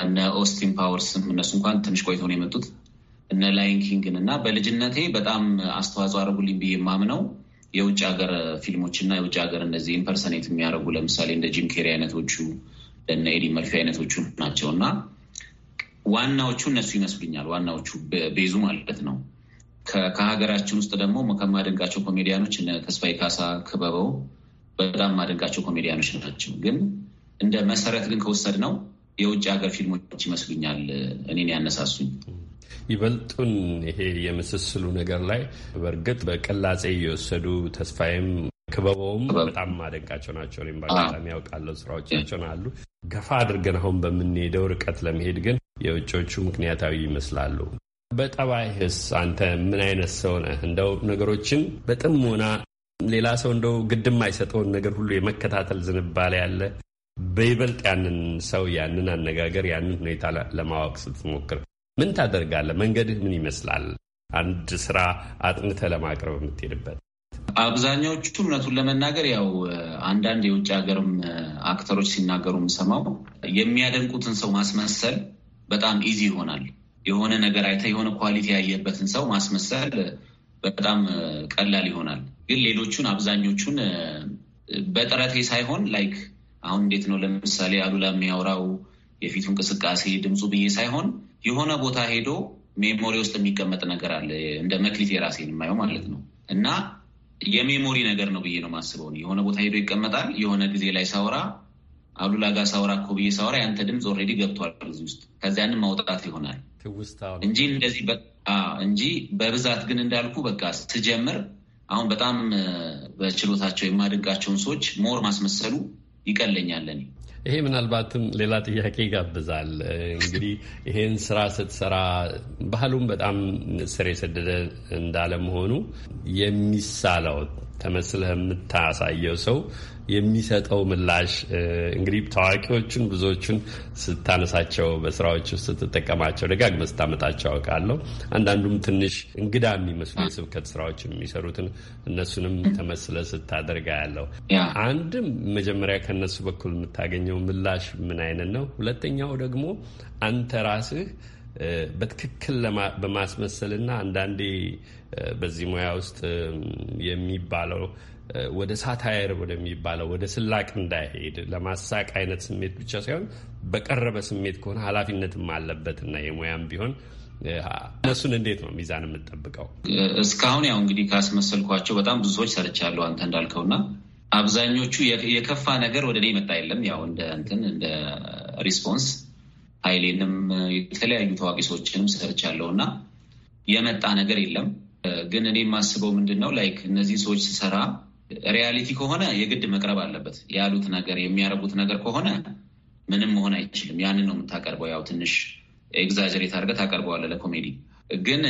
እነ ኦስቲን ፓወርስም እነሱ እንኳን ትንሽ ቆይተው ነው የመጡት እነ ላይን ኪንግን እና በልጅነቴ በጣም አስተዋጽኦ አድርጉልኝ ብዬ የማምነው የውጭ ሀገር ፊልሞች እና የውጭ ሀገር እነዚህ ኢምፐርሰኔት የሚያደርጉ ለምሳሌ እንደ ጂም ኬሪ አይነቶቹ እነ ኤዲ መርፊ አይነቶቹ ናቸው እና ዋናዎቹ እነሱ ይመስሉኛል። ዋናዎቹ ቤዙ ማለት ነው። ከሀገራችን ውስጥ ደግሞ ከማደንቃቸው ኮሜዲያኖች እነ ተስፋዬ ካሳ፣ ክበበው በጣም ማደንቃቸው ኮሜዲያኖች ናቸው። ግን እንደ መሰረት ግን ከወሰድ ነው የውጭ ሀገር ፊልሞች ይመስሉኛል እኔን ያነሳሱኝ። ይበልጡን ይሄ የምስስሉ ነገር ላይ በእርግጥ በቅላጼ እየወሰዱ ተስፋዬም ክበበውም በጣም ማደንቃቸው ናቸው። እኔም በአጋጣሚ ያውቃለሁ ስራዎቻቸውን አሉ። ገፋ አድርገን አሁን በምንሄደው ርቀት ለመሄድ ግን የውጮቹ ምክንያታዊ ይመስላሉ። በጠባይህስ አንተ ምን አይነት ሰው ነህ? እንደው ነገሮችን በጥሞና ሌላ ሰው እንደው ግድም አይሰጠውን ነገር ሁሉ የመከታተል ዝንባሌ ያለ በይበልጥ ያንን ሰው ያንን አነጋገር ያንን ሁኔታ ለማወቅ ስትሞክር ምን ታደርጋለህ? መንገድህ ምን ይመስላል? አንድ ስራ አጥንተህ ለማቅረብ የምትሄድበት አብዛኛዎቹ እውነቱን ለመናገር ያው አንዳንድ የውጭ ሀገርም አክተሮች ሲናገሩ የምሰማው የሚያደንቁትን ሰው ማስመሰል በጣም ኢዚ ይሆናል። የሆነ ነገር አይተህ የሆነ ኳሊቲ ያየበትን ሰው ማስመሰል በጣም ቀላል ይሆናል። ግን ሌሎቹን አብዛኞቹን በጥረቴ ሳይሆን ላይክ አሁን እንዴት ነው ለምሳሌ አሉላ የሚያወራው የፊቱ እንቅስቃሴ ድምፁ ብዬ ሳይሆን የሆነ ቦታ ሄዶ ሜሞሪ ውስጥ የሚቀመጥ ነገር አለ። እንደ መክሊት የራሴን የማየው ማለት ነው እና የሜሞሪ ነገር ነው ብዬ ነው ማስበው። የሆነ ቦታ ሄዶ ይቀመጣል። የሆነ ጊዜ ላይ ሳውራ አሉላ ጋር ሳውራ እኮ ብዬ ሳውራ ያንተ ድምፅ ኦልሬዲ ገብቷል እዚህ ውስጥ ከዚያንም ማውጣት ይሆናል እንጂ እንደዚህ እንጂ በብዛት ግን እንዳልኩ በቃ ስጀምር አሁን በጣም በችሎታቸው የማደንቃቸውን ሰዎች ሞር ማስመሰሉ ይቀለኛል እኔ ይሄ ምናልባትም ሌላ ጥያቄ ይጋብዛል። እንግዲህ ይሄን ስራ ስትሰራ ባህሉም በጣም ስር የሰደደ እንዳለመሆኑ የሚሳለው ተመስለህ የምታሳየው ሰው የሚሰጠው ምላሽ እንግዲህ ታዋቂዎቹን ብዙዎቹን ስታነሳቸው በስራዎች ውስጥ ስትጠቀማቸው ደጋግመ ስታመጣቸው አውቃለሁ። አንዳንዱም ትንሽ እንግዳ የሚመስሉ የስብከት ስራዎች የሚሰሩትን እነሱንም ተመስለ ስታደርጋ ያለው አንድም መጀመሪያ ከነሱ በኩል የምታገኘው ምላሽ ምን አይነት ነው? ሁለተኛው ደግሞ አንተ ራስህ በትክክል በማስመሰልና አንዳንዴ በዚህ ሙያ ውስጥ የሚባለው ወደ ሳታየር ወደሚባለው ወደ ስላቅ እንዳይሄድ ለማሳቅ አይነት ስሜት ብቻ ሳይሆን በቀረበ ስሜት ከሆነ ኃላፊነትም አለበትና የሙያም ቢሆን እነሱን እንዴት ነው ሚዛን የምጠብቀው? እስካሁን ያው እንግዲህ ካስመሰልኳቸው በጣም ብዙ ሰዎች ሰርቻለሁ አንተ እንዳልከውና አብዛኞቹ የከፋ ነገር ወደ እኔ መጣ የለም። ያው እንደ እንትን እንደ ሪስፖንስ ኃይሌንም የተለያዩ ታዋቂ ሰዎችንም ሰርች ያለው እና የመጣ ነገር የለም። ግን እኔ የማስበው ምንድን ነው ላይክ እነዚህ ሰዎች ስሰራ ሪያሊቲ ከሆነ የግድ መቅረብ አለበት። ያሉት ነገር የሚያረጉት ነገር ከሆነ ምንም መሆን አይችልም። ያንን ነው የምታቀርበው። ያው ትንሽ ኤግዛጀሬት አድርገህ ታቀርበዋለህ ለኮሜዲ። ግን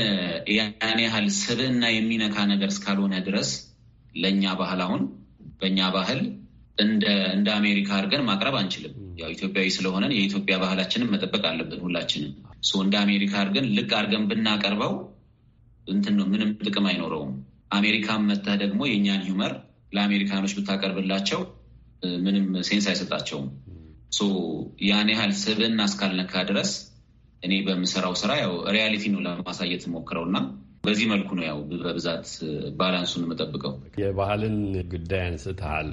ያን ያህል ስብዕና የሚነካ ነገር እስካልሆነ ድረስ ለእኛ ባህል አሁን በእኛ ባህል እንደ አሜሪካ አድርገን ማቅረብ አንችልም። ያው ኢትዮጵያዊ ስለሆነን የኢትዮጵያ ባህላችንን መጠበቅ አለብን ሁላችንም። እንደ አሜሪካ አድርገን ልቅ አድርገን ብናቀርበው እንትን ነው ምንም ጥቅም አይኖረውም። አሜሪካን መተህ ደግሞ የእኛን ሂውመር ለአሜሪካኖች ብታቀርብላቸው ምንም ሴንስ አይሰጣቸውም። ያን ያህል ስብዕና እስካልነካ ድረስ እኔ በምሰራው ስራ ያው ሪያሊቲ ነው ለማሳየት ሞክረውና በዚህ መልኩ ነው ያው በብዛት ባላንሱን የምጠብቀው። የባህልን ጉዳይ አንስተሃል።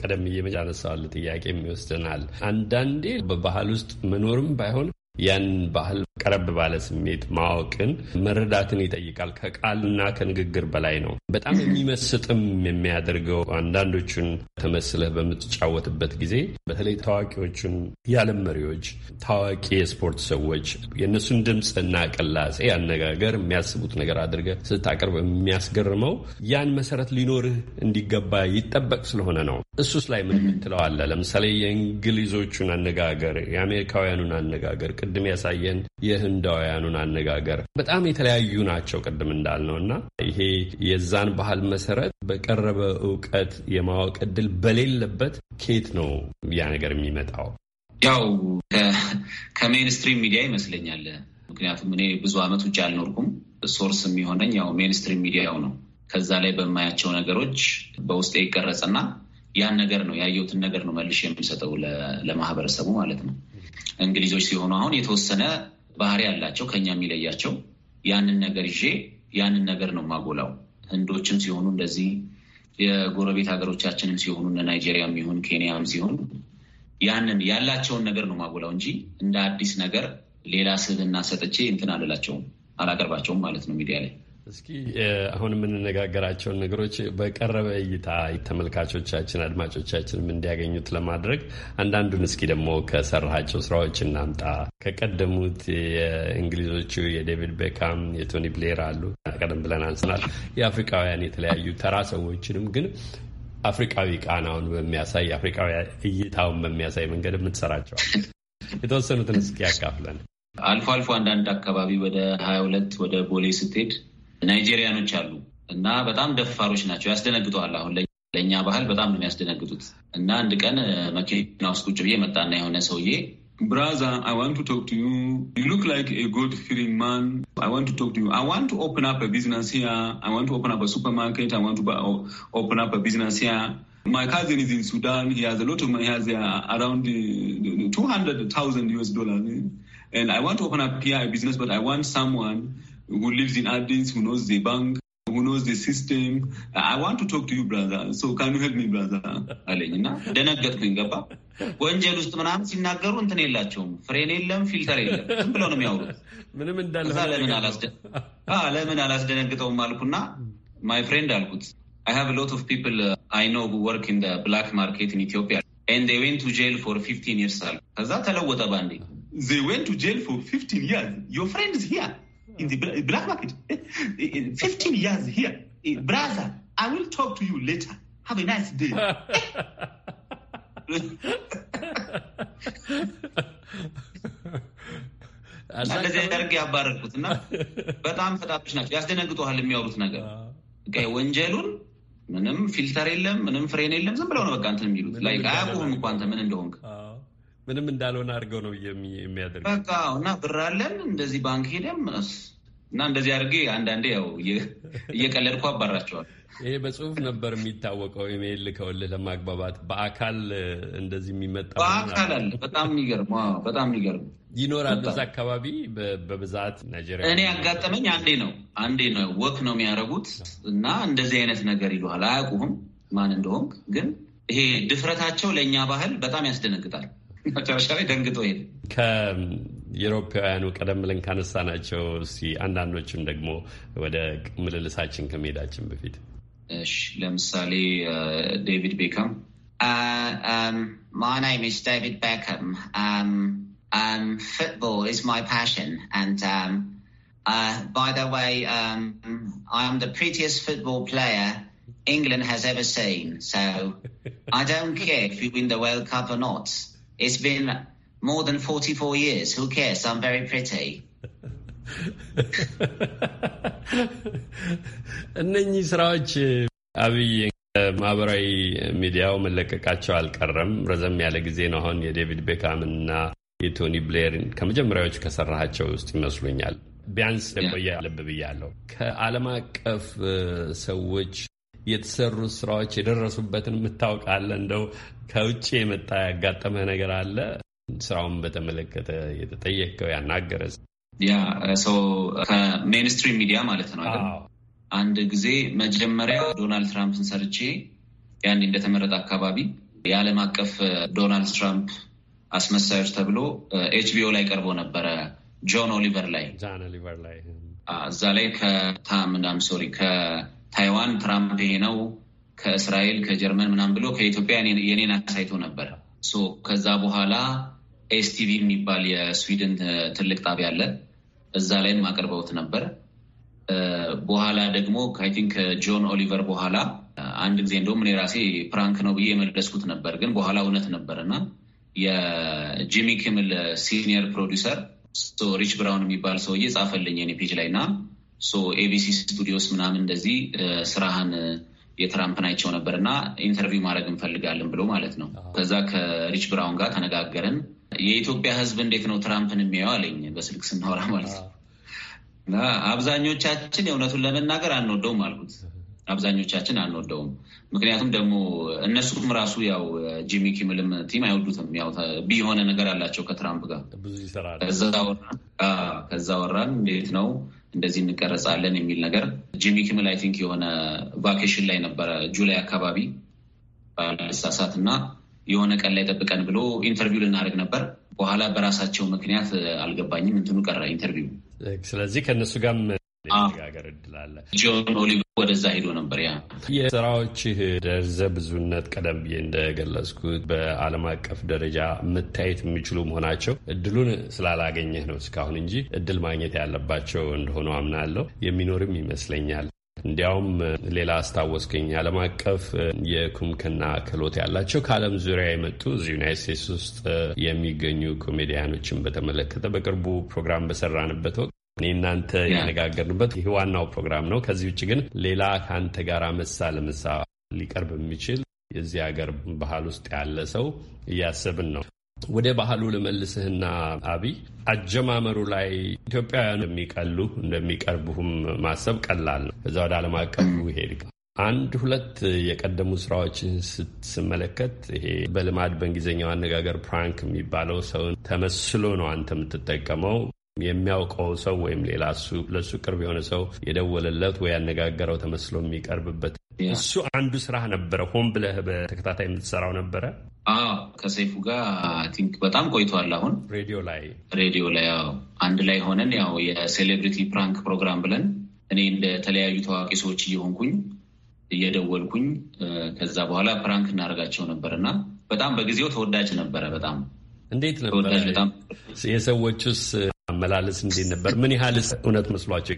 ቀደም እየመጫነሳዋል ጥያቄ ይወስደናል። አንዳንዴ በባህል ውስጥ መኖርም ባይሆን ያን ባህል ቀረብ ባለ ስሜት ማወቅን መረዳትን ይጠይቃል። ከቃልና ከንግግር በላይ ነው። በጣም የሚመስጥም የሚያደርገው አንዳንዶቹን ተመስለህ በምትጫወትበት ጊዜ በተለይ ታዋቂዎቹን የዓለም መሪዎች፣ ታዋቂ የስፖርት ሰዎች የእነሱን ድምፅ እና ቅላጼ፣ አነጋገር የሚያስቡት ነገር አድርገህ ስታቀርብ የሚያስገርመው ያን መሰረት ሊኖርህ እንዲገባ ይጠበቅ ስለሆነ ነው። እሱስ ላይ ምን የምትለው አለ? ለምሳሌ የእንግሊዞቹን አነጋገር፣ የአሜሪካውያኑን አነጋገር ቅድም ያሳየን የህንዳውያኑን አነጋገር በጣም የተለያዩ ናቸው። ቅድም እንዳልነው እና ይሄ የዛን ባህል መሰረት በቀረበ እውቀት የማወቅ እድል በሌለበት ኬት ነው ያ ነገር የሚመጣው? ያው ከሜንስትሪም ሚዲያ ይመስለኛል። ምክንያቱም እኔ ብዙ ዓመት ውጭ አልኖርኩም። ሶርስ የሚሆነኝ ያው ሜንስትሪም ሚዲያው ነው። ከዛ ላይ በማያቸው ነገሮች በውስጤ ይቀረጽና ያን ነገር ነው ያየሁትን ነገር ነው መልሽ የሚሰጠው ለማህበረሰቡ ማለት ነው። እንግሊዞች ሲሆኑ አሁን የተወሰነ ባህሪ ያላቸው ከኛ የሚለያቸው ያንን ነገር ይዤ ያንን ነገር ነው ማጎላው። ህንዶችም ሲሆኑ እንደዚህ የጎረቤት ሀገሮቻችንም ሲሆኑ እነ ናይጄሪያም ይሁን ኬንያም ሲሆኑ ያንን ያላቸውን ነገር ነው ማጎላው እንጂ እንደ አዲስ ነገር ሌላ ስብዕና ሰጥቼ እንትን አልላቸውም አላቀርባቸውም ማለት ነው ሚዲያ ላይ እስኪ አሁን የምንነጋገራቸውን ነገሮች በቀረበ እይታ ተመልካቾቻችን፣ አድማጮቻችንም እንዲያገኙት ለማድረግ አንዳንዱን እስኪ ደግሞ ከሰራሃቸው ስራዎች እናምጣ። ከቀደሙት የእንግሊዞቹ የዴቪድ ቤካም የቶኒ ብሌር አሉ፣ ቀደም ብለን አንስናል። የአፍሪካውያን የተለያዩ ተራ ሰዎችንም ግን አፍሪካዊ ቃናውን በሚያሳይ አፍሪካዊ እይታውን በሚያሳይ መንገድ የምትሰራቸዋል። የተወሰኑትን እስኪ ያካፍለን። አልፎ አልፎ አንዳንድ አካባቢ ወደ ሀያ ሁለት ወደ ቦሌ ስትሄድ ናይጄሪያኖች አሉ እና በጣም ደፋሮች ናቸው። ያስደነግጠዋል። አሁን ለእኛ ባህል በጣም ነው የሚያስደነግጡት። እና አንድ ቀን መኪና ውስጥ ቁጭ ብዬ መጣና የሆነ ሰውዬ ብራዛ አይ ዋንት ቱ ቶክ ቱ ዩ ዩ ሉክ ላይክ ኤ ጎድ ፊሪንግ ማን አይ ዋንት ቱ ቶክ ቱ ዩ አይ ዋንት ቱ ኦፕን አፕ ቢዝነስ ያ አይ ዋንት ቱ ኦፕን አፕ ሱፐርማርኬት አይ ዋንት ቱ ኦፕን አፕ ቢዝነስ ያ My cousin is in Sudan. He has a lot of money. He has uh, around uh, 200,000 US dollars. And I want to open up here a business, but I want someone who lives in Addis, who knows the bank, who knows the system. I want to talk to you, brother. So can you help me, brother? [LAUGHS] አለኝና ደነገጥኩኝ። ገባ ወንጀል ውስጥ ምናምን ሲናገሩ እንትን የላቸውም፣ ፍሬን የለም፣ ፊልተር የለም። ዝም ብለው ነው የሚያወሩት። ምንም እንዳለ ለምን አላስደነግጠውም አልኩና ማይ ፍሬንድ አልኩት I have a lot of people uh, I know who work in the black market in Ethiopia, and they went to jail for 15 years. They went to jail for 15 years. Your friend is here. in the black market. 15 [LAUGHS] years here. Eh, brother, I will talk to you later. Have a nice day. [LAUGHS] [LAUGHS] እንደዚህ ደርግ ያባረርኩት እና በጣም ፈጣቶች ናቸው። ያስደነግጦሃል የሚያወሩት ነገር ወንጀሉን ምንም ፊልተር የለም፣ ምንም ፍሬን የለም። ዝም ብለው ነው በቃ እንትን የሚሉት ላይ አያውቁም እኮ አንተ ምን እንደሆንክ ምንም እንዳልሆነ አድርገው ነው የሚያደርግ በቃ እና ብር አለን እንደዚህ ባንክ ሄደም እና እንደዚህ አድርጌ አንዳንዴ ያው እየቀለድኩ አባራቸዋል። ይሄ በጽሁፍ ነበር የሚታወቀው ኢሜይል ልከውልህ ለማግባባት በአካል እንደዚህ የሚመጣ በአካል አለ። በጣም የሚገርም በጣም የሚገርም ይኖራል። እዛ አካባቢ በብዛት ናይጄሪያ እኔ ያጋጠመኝ አንዴ ነው አንዴ ነው ወክ ነው የሚያደርጉት እና እንደዚህ አይነት ነገር ይሉሃል። አያውቁህም ማን እንደሆንክ፣ ግን ይሄ ድፍረታቸው ለእኛ ባህል በጣም ያስደነግጣል። መጨረሻ ላይ ደንግጦ ሄደ። ከአውሮፓውያኑ ቀደም ብለን ካነሳ ናቸው አንዳንዶቹን ደግሞ ወደ ምልልሳችን ከመሄዳችን በፊት እሺ፣ ለምሳሌ ዴቪድ ቤካም ዴቪድ ቤካም Um, football is my passion, and um, uh, by the way, um, I am the prettiest football player England has ever seen. So I don't care if you win the World Cup or not. It's been more than 44 years. Who cares? I'm very pretty. [LAUGHS] እነኚህ ስራዎች አብይ ማህበራዊ ሚዲያው መለቀቃቸው አልቀረም። ረዘም ያለ ጊዜ ነው። አሁን የዴቪድ ቤካም ቤካምና የቶኒ ብሌርን ከመጀመሪያዎቹ ከሰራሃቸው ውስጥ ይመስሉኛል። ቢያንስ ደቆየ ልብ ብያለሁ። ከዓለም አቀፍ ሰዎች የተሰሩት ስራዎች የደረሱበትን የምታውቃለ? እንደው ከውጭ የመጣ ያጋጠመ ነገር አለ? ስራውን በተመለከተ የተጠየቀው ያናገረ ያ ሰው ከሜንስትሪም ሚዲያ ማለት ነው አይደል? አንድ ጊዜ መጀመሪያ ዶናልድ ትራምፕን ሰርቼ ያኔ እንደተመረጠ አካባቢ የዓለም አቀፍ ዶናልድ ትራምፕ አስመሳዮች ተብሎ ኤችቢኦ ላይ ቀርቦ ነበረ። ጆን ኦሊቨር ላይ እዛ ላይ ከምናምን ሶሪ ታይዋን ትራምፕ ይሄ ነው ከእስራኤል ከጀርመን ምናምን ብሎ ከኢትዮጵያ የኔን አሳይቶ ነበር። ከዛ በኋላ ኤስቲቪ የሚባል የስዊድን ትልቅ ጣቢያ አለ። እዛ ላይም አቅርበውት ነበር። በኋላ ደግሞ አይ ቲንክ ጆን ኦሊቨር በኋላ አንድ ጊዜ እንደውም እኔ ራሴ ፕራንክ ነው ብዬ የመለስኩት ነበር፣ ግን በኋላ እውነት ነበር እና የጂሚ ኪምል ሲኒየር ፕሮዲሰር ሪች ብራውን የሚባል ሰውዬ ጻፈልኝ የኔ ፔጅ ላይ እና ኤቢሲ ስቱዲዮስ ምናምን እንደዚህ ስራህን የትራምፕ ናይቸው ነበር እና ኢንተርቪው ማድረግ እንፈልጋለን ብሎ ማለት ነው። ከዛ ከሪች ብራውን ጋር ተነጋገርን። የኢትዮጵያ ሕዝብ እንዴት ነው ትራምፕን የሚያየው አለኝ በስልክ ስናወራ ማለት ነው። እና አብዛኞቻችን የእውነቱን ለመናገር አንወደውም አልኩት። አብዛኞቻችን አንወደውም። ምክንያቱም ደግሞ እነሱም ራሱ ያው ጂሚ ኪምልም ቲም አይወዱትም። ያው የሆነ ነገር አላቸው ከትራምፕ ጋር ከዛ ወራን እንዴት ነው እንደዚህ እንቀረጻለን የሚል ነገር ጂሚ ኪምል አይ ቲንክ የሆነ ቫኬሽን ላይ ነበረ ጁላይ አካባቢ ባለሳሳት እና የሆነ ቀን ላይ ጠብቀን ብሎ ኢንተርቪው ልናደርግ ነበር። በኋላ በራሳቸው ምክንያት አልገባኝም፣ እንትኑ ቀረ ኢንተርቪው። ስለዚህ ከእነሱ ጋርም የመነጋገር እድል አለ። ጆን ኦሊቨር ወደዛ ሄዶ ነበር። ያ የስራዎችህ ደርዘ ብዙነት ቀደም ብዬ እንደገለጽኩት በዓለም አቀፍ ደረጃ መታየት የሚችሉ መሆናቸው እድሉን ስላላገኘህ ነው እስካሁን እንጂ እድል ማግኘት ያለባቸው እንደሆኑ አምናለሁ። የሚኖርም ይመስለኛል። እንዲያውም ሌላ አስታወስገኝ ዓለም አቀፍ የኩምክና ክህሎት ያላቸው ከዓለም ዙሪያ የመጡ እዚ ዩናይት ስቴትስ ውስጥ የሚገኙ ኮሜዲያኖችን በተመለከተ በቅርቡ ፕሮግራም በሰራንበት ወቅት እኔ እናንተ የነጋገርንበት ይህ ዋናው ፕሮግራም ነው። ከዚህ ውጭ ግን ሌላ ከአንተ ጋር መሳ ለመሳ ሊቀርብ የሚችል የዚህ ሀገር ባህል ውስጥ ያለ ሰው እያሰብን ነው። ወደ ባህሉ ልመልስህና አብይ አጀማመሩ ላይ ኢትዮጵያውያኑ እንደሚቀሉ እንደሚቀርቡህም ማሰብ ቀላል ነው። እዛ ወደ ዓለም አቀፉ ሄድ አንድ ሁለት የቀደሙ ስራዎችን ስትመለከት ይሄ በልማድ በእንግሊዝኛው አነጋገር ፕራንክ የሚባለው ሰውን ተመስሎ ነው አንተ የምትጠቀመው። የሚያውቀው ሰው ወይም ሌላ ለእሱ ቅርብ የሆነ ሰው የደወለለት ወይ ያነጋገረው ተመስሎ የሚቀርብበት እሱ አንዱ ስራህ ነበረ። ሆን ብለህ በተከታታይ የምትሰራው ነበረ። ከሰይፉ ጋር ቲንክ በጣም ቆይቷል። አሁን ሬዲዮ ላይ ሬዲዮ ላይ ያው አንድ ላይ ሆነን ያው የሴሌብሪቲ ፕራንክ ፕሮግራም ብለን እኔ እንደ ተለያዩ ታዋቂ ሰዎች እየሆንኩኝ እየደወልኩኝ ከዛ በኋላ ፕራንክ እናደርጋቸው ነበር እና በጣም በጊዜው ተወዳጅ ነበረ። በጣም እንዴት ነበረ? የሰዎቹስ አመላለስ እንዴት ነበር? ምን ያህል እውነት መስሏቸው?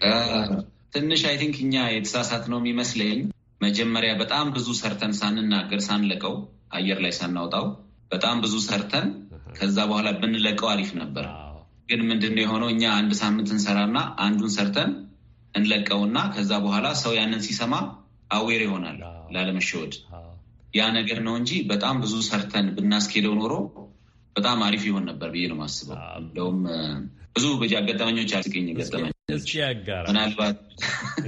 ትንሽ አይ ቲንክ እኛ የተሳሳት ነው የሚመስለኝ። መጀመሪያ በጣም ብዙ ሰርተን ሳንናገር ሳንለቀው አየር ላይ ሳናውጣው በጣም ብዙ ሰርተን ከዛ በኋላ ብንለቀው አሪፍ ነበር። ግን ምንድነው የሆነው? እኛ አንድ ሳምንት እንሰራና አንዱን ሰርተን እንለቀውና ከዛ በኋላ ሰው ያንን ሲሰማ አዌር ይሆናል ላለመሸወድ። ያ ነገር ነው እንጂ በጣም ብዙ ሰርተን ብናስኬደው ኖሮ በጣም አሪፍ ይሆን ነበር ብዬ ነው የማስበው። እንደውም ብዙ በጃ አጋጣሚዎች አስገኝ ምናልባት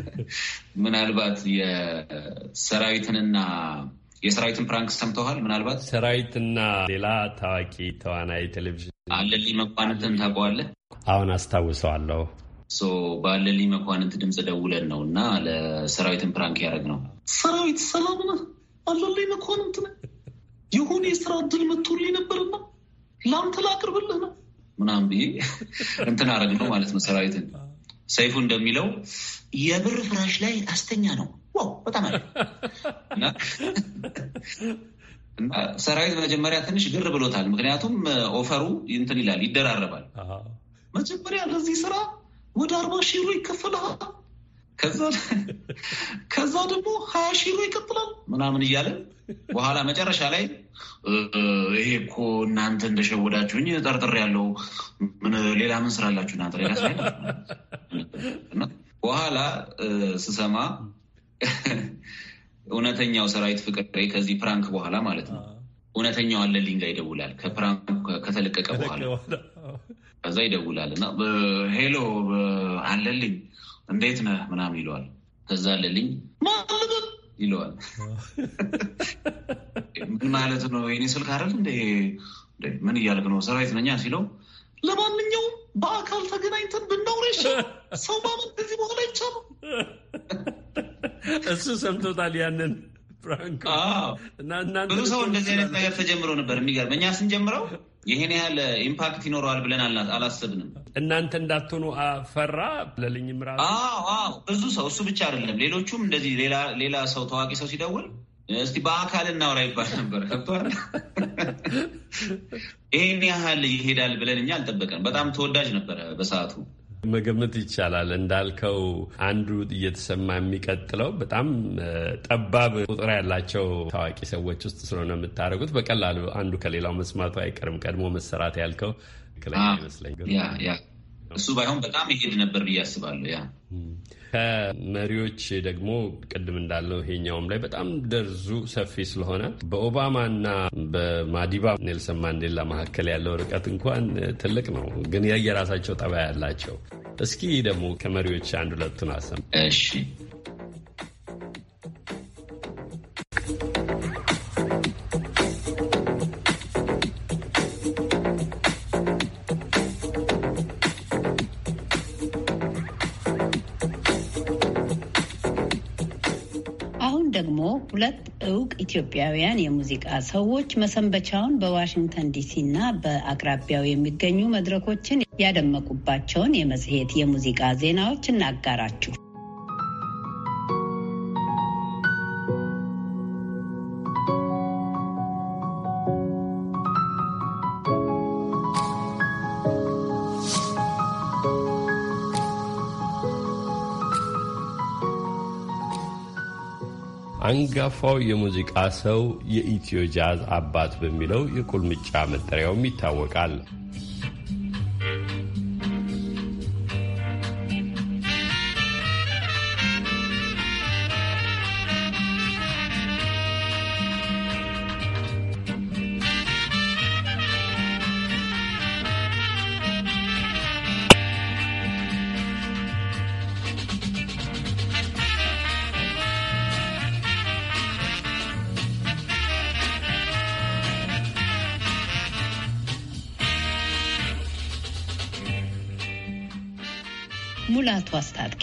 [LAUGHS] ምናልባት የሰራዊትንና የሰራዊትን ፕራንክ ሰምተዋል። ምናልባት ሰራዊትና ሌላ ታዋቂ ተዋናይ ቴሌቪዥን አለልኝ መኳንንትን ታውቀዋለህ? አሁን አስታውሰዋለሁ። በአለልኝ መኳንንት ድምፅ ደውለን ነው እና ለሰራዊትን ፕራንክ ያደረግ ነው። ሰራዊት ሰላም ነህ? አለልኝ መኳንንት ነህ? የሆነ የስራ እድል መጥቶልኝ ነበርና ላምት ላቅርብልህ ነው ምናምን ብዬ እንትን አረግ ነው ማለት ነው። ሰራዊትን ሰይፉ እንደሚለው የብር ፍራሽ ላይ አስተኛ ነው። ዋው በጣም አለ እና ሰራዊት መጀመሪያ ትንሽ ግር ብሎታል። ምክንያቱም ኦፈሩ እንትን ይላል፣ ይደራረባል። መጀመሪያ ለዚህ ስራ ወደ አርባ ሺህ ብሎ ይከፈልሃል ከዛ ደግሞ ሀያ ሺህ ብር ይቀጥላል ምናምን እያለን በኋላ መጨረሻ ላይ ይሄ እኮ እናንተ እንደሸወዳችሁኝ ጠርጥር ያለው ሌላ ምን ስራላችሁ እናንተ ሌላ ስራ በኋላ ስሰማ እውነተኛው ሰራዊት ፍቅሬ ከዚህ ፕራንክ በኋላ ማለት ነው እውነተኛው አለልኝ ጋር ይደውላል። ከፕራንኩ ከተለቀቀ በኋላ ከዛ ይደውላል እና ሄሎ አለልኝ እንዴት ነህ ምናምን ይለዋል። ከዛ ልልኝ ማልበት ይለዋል። ምን ማለት ነው? የኔ ስልክ አይደል እንደ ምን እያልክ ነው? ሰራዊት ነኛ ሲለው ለማንኛውም በአካል ተገናኝተን ብናውራ ይሻል። ሰው ማመን ከዚህ በኋላ አይቻልም። እሱ ሰምቶታል ያንን ብዙ ሰው እንደዚህ አይነት ነገር ተጀምሮ ነበር። የሚገርም እኛ ስንጀምረው ይህን ያህል ኢምፓክት ይኖረዋል ብለን አላሰብንም። እናንተ እንዳትሆኑ ፈራ ለልኝም ራ ብዙ ሰው እሱ ብቻ አይደለም፣ ሌሎቹም እንደዚህ ሌላ ሰው ታዋቂ ሰው ሲደውል እስቲ በአካል እናውራ ይባል ነበር። ገብቶሃል። [LAUGHS] ይህን ያህል ይሄዳል ብለን እኛ አልጠበቀን። በጣም ተወዳጅ ነበረ በሰዓቱ መገመት ይቻላል። እንዳልከው አንዱ እየተሰማ የሚቀጥለው በጣም ጠባብ ቁጥር ያላቸው ታዋቂ ሰዎች ውስጥ ስለሆነ የምታደርጉት በቀላሉ አንዱ ከሌላው መስማቱ አይቀርም። ቀድሞ መሰራት ያልከው ትክክለኛ ይመስለኛል። እሱ ባይሆን በጣም ይሄድ ነበር ብዬ አስባለሁ። ያ ከመሪዎች ደግሞ ቅድም እንዳለው ይሄኛውም ላይ በጣም ደርዙ ሰፊ ስለሆነ በኦባማና በማዲባ ኔልሰን ማንዴላ መካከል ያለው ርቀት እንኳን ትልቅ ነው፣ ግን የየራሳቸው ጠባይ ያላቸው። እስኪ ደግሞ ከመሪዎች አንድ ሁለቱን አሰማ። እሺ ሁለት እውቅ ኢትዮጵያውያን የሙዚቃ ሰዎች መሰንበቻውን በዋሽንግተን ዲሲና በአቅራቢያው የሚገኙ መድረኮችን ያደመቁባቸውን የመጽሔት የሙዚቃ ዜናዎች እናጋራችሁ። አንጋፋው የሙዚቃ ሰው የኢትዮ ጃዝ አባት በሚለው የቁልምጫ መጠሪያውም ይታወቃል። አቶ አስታጥቄ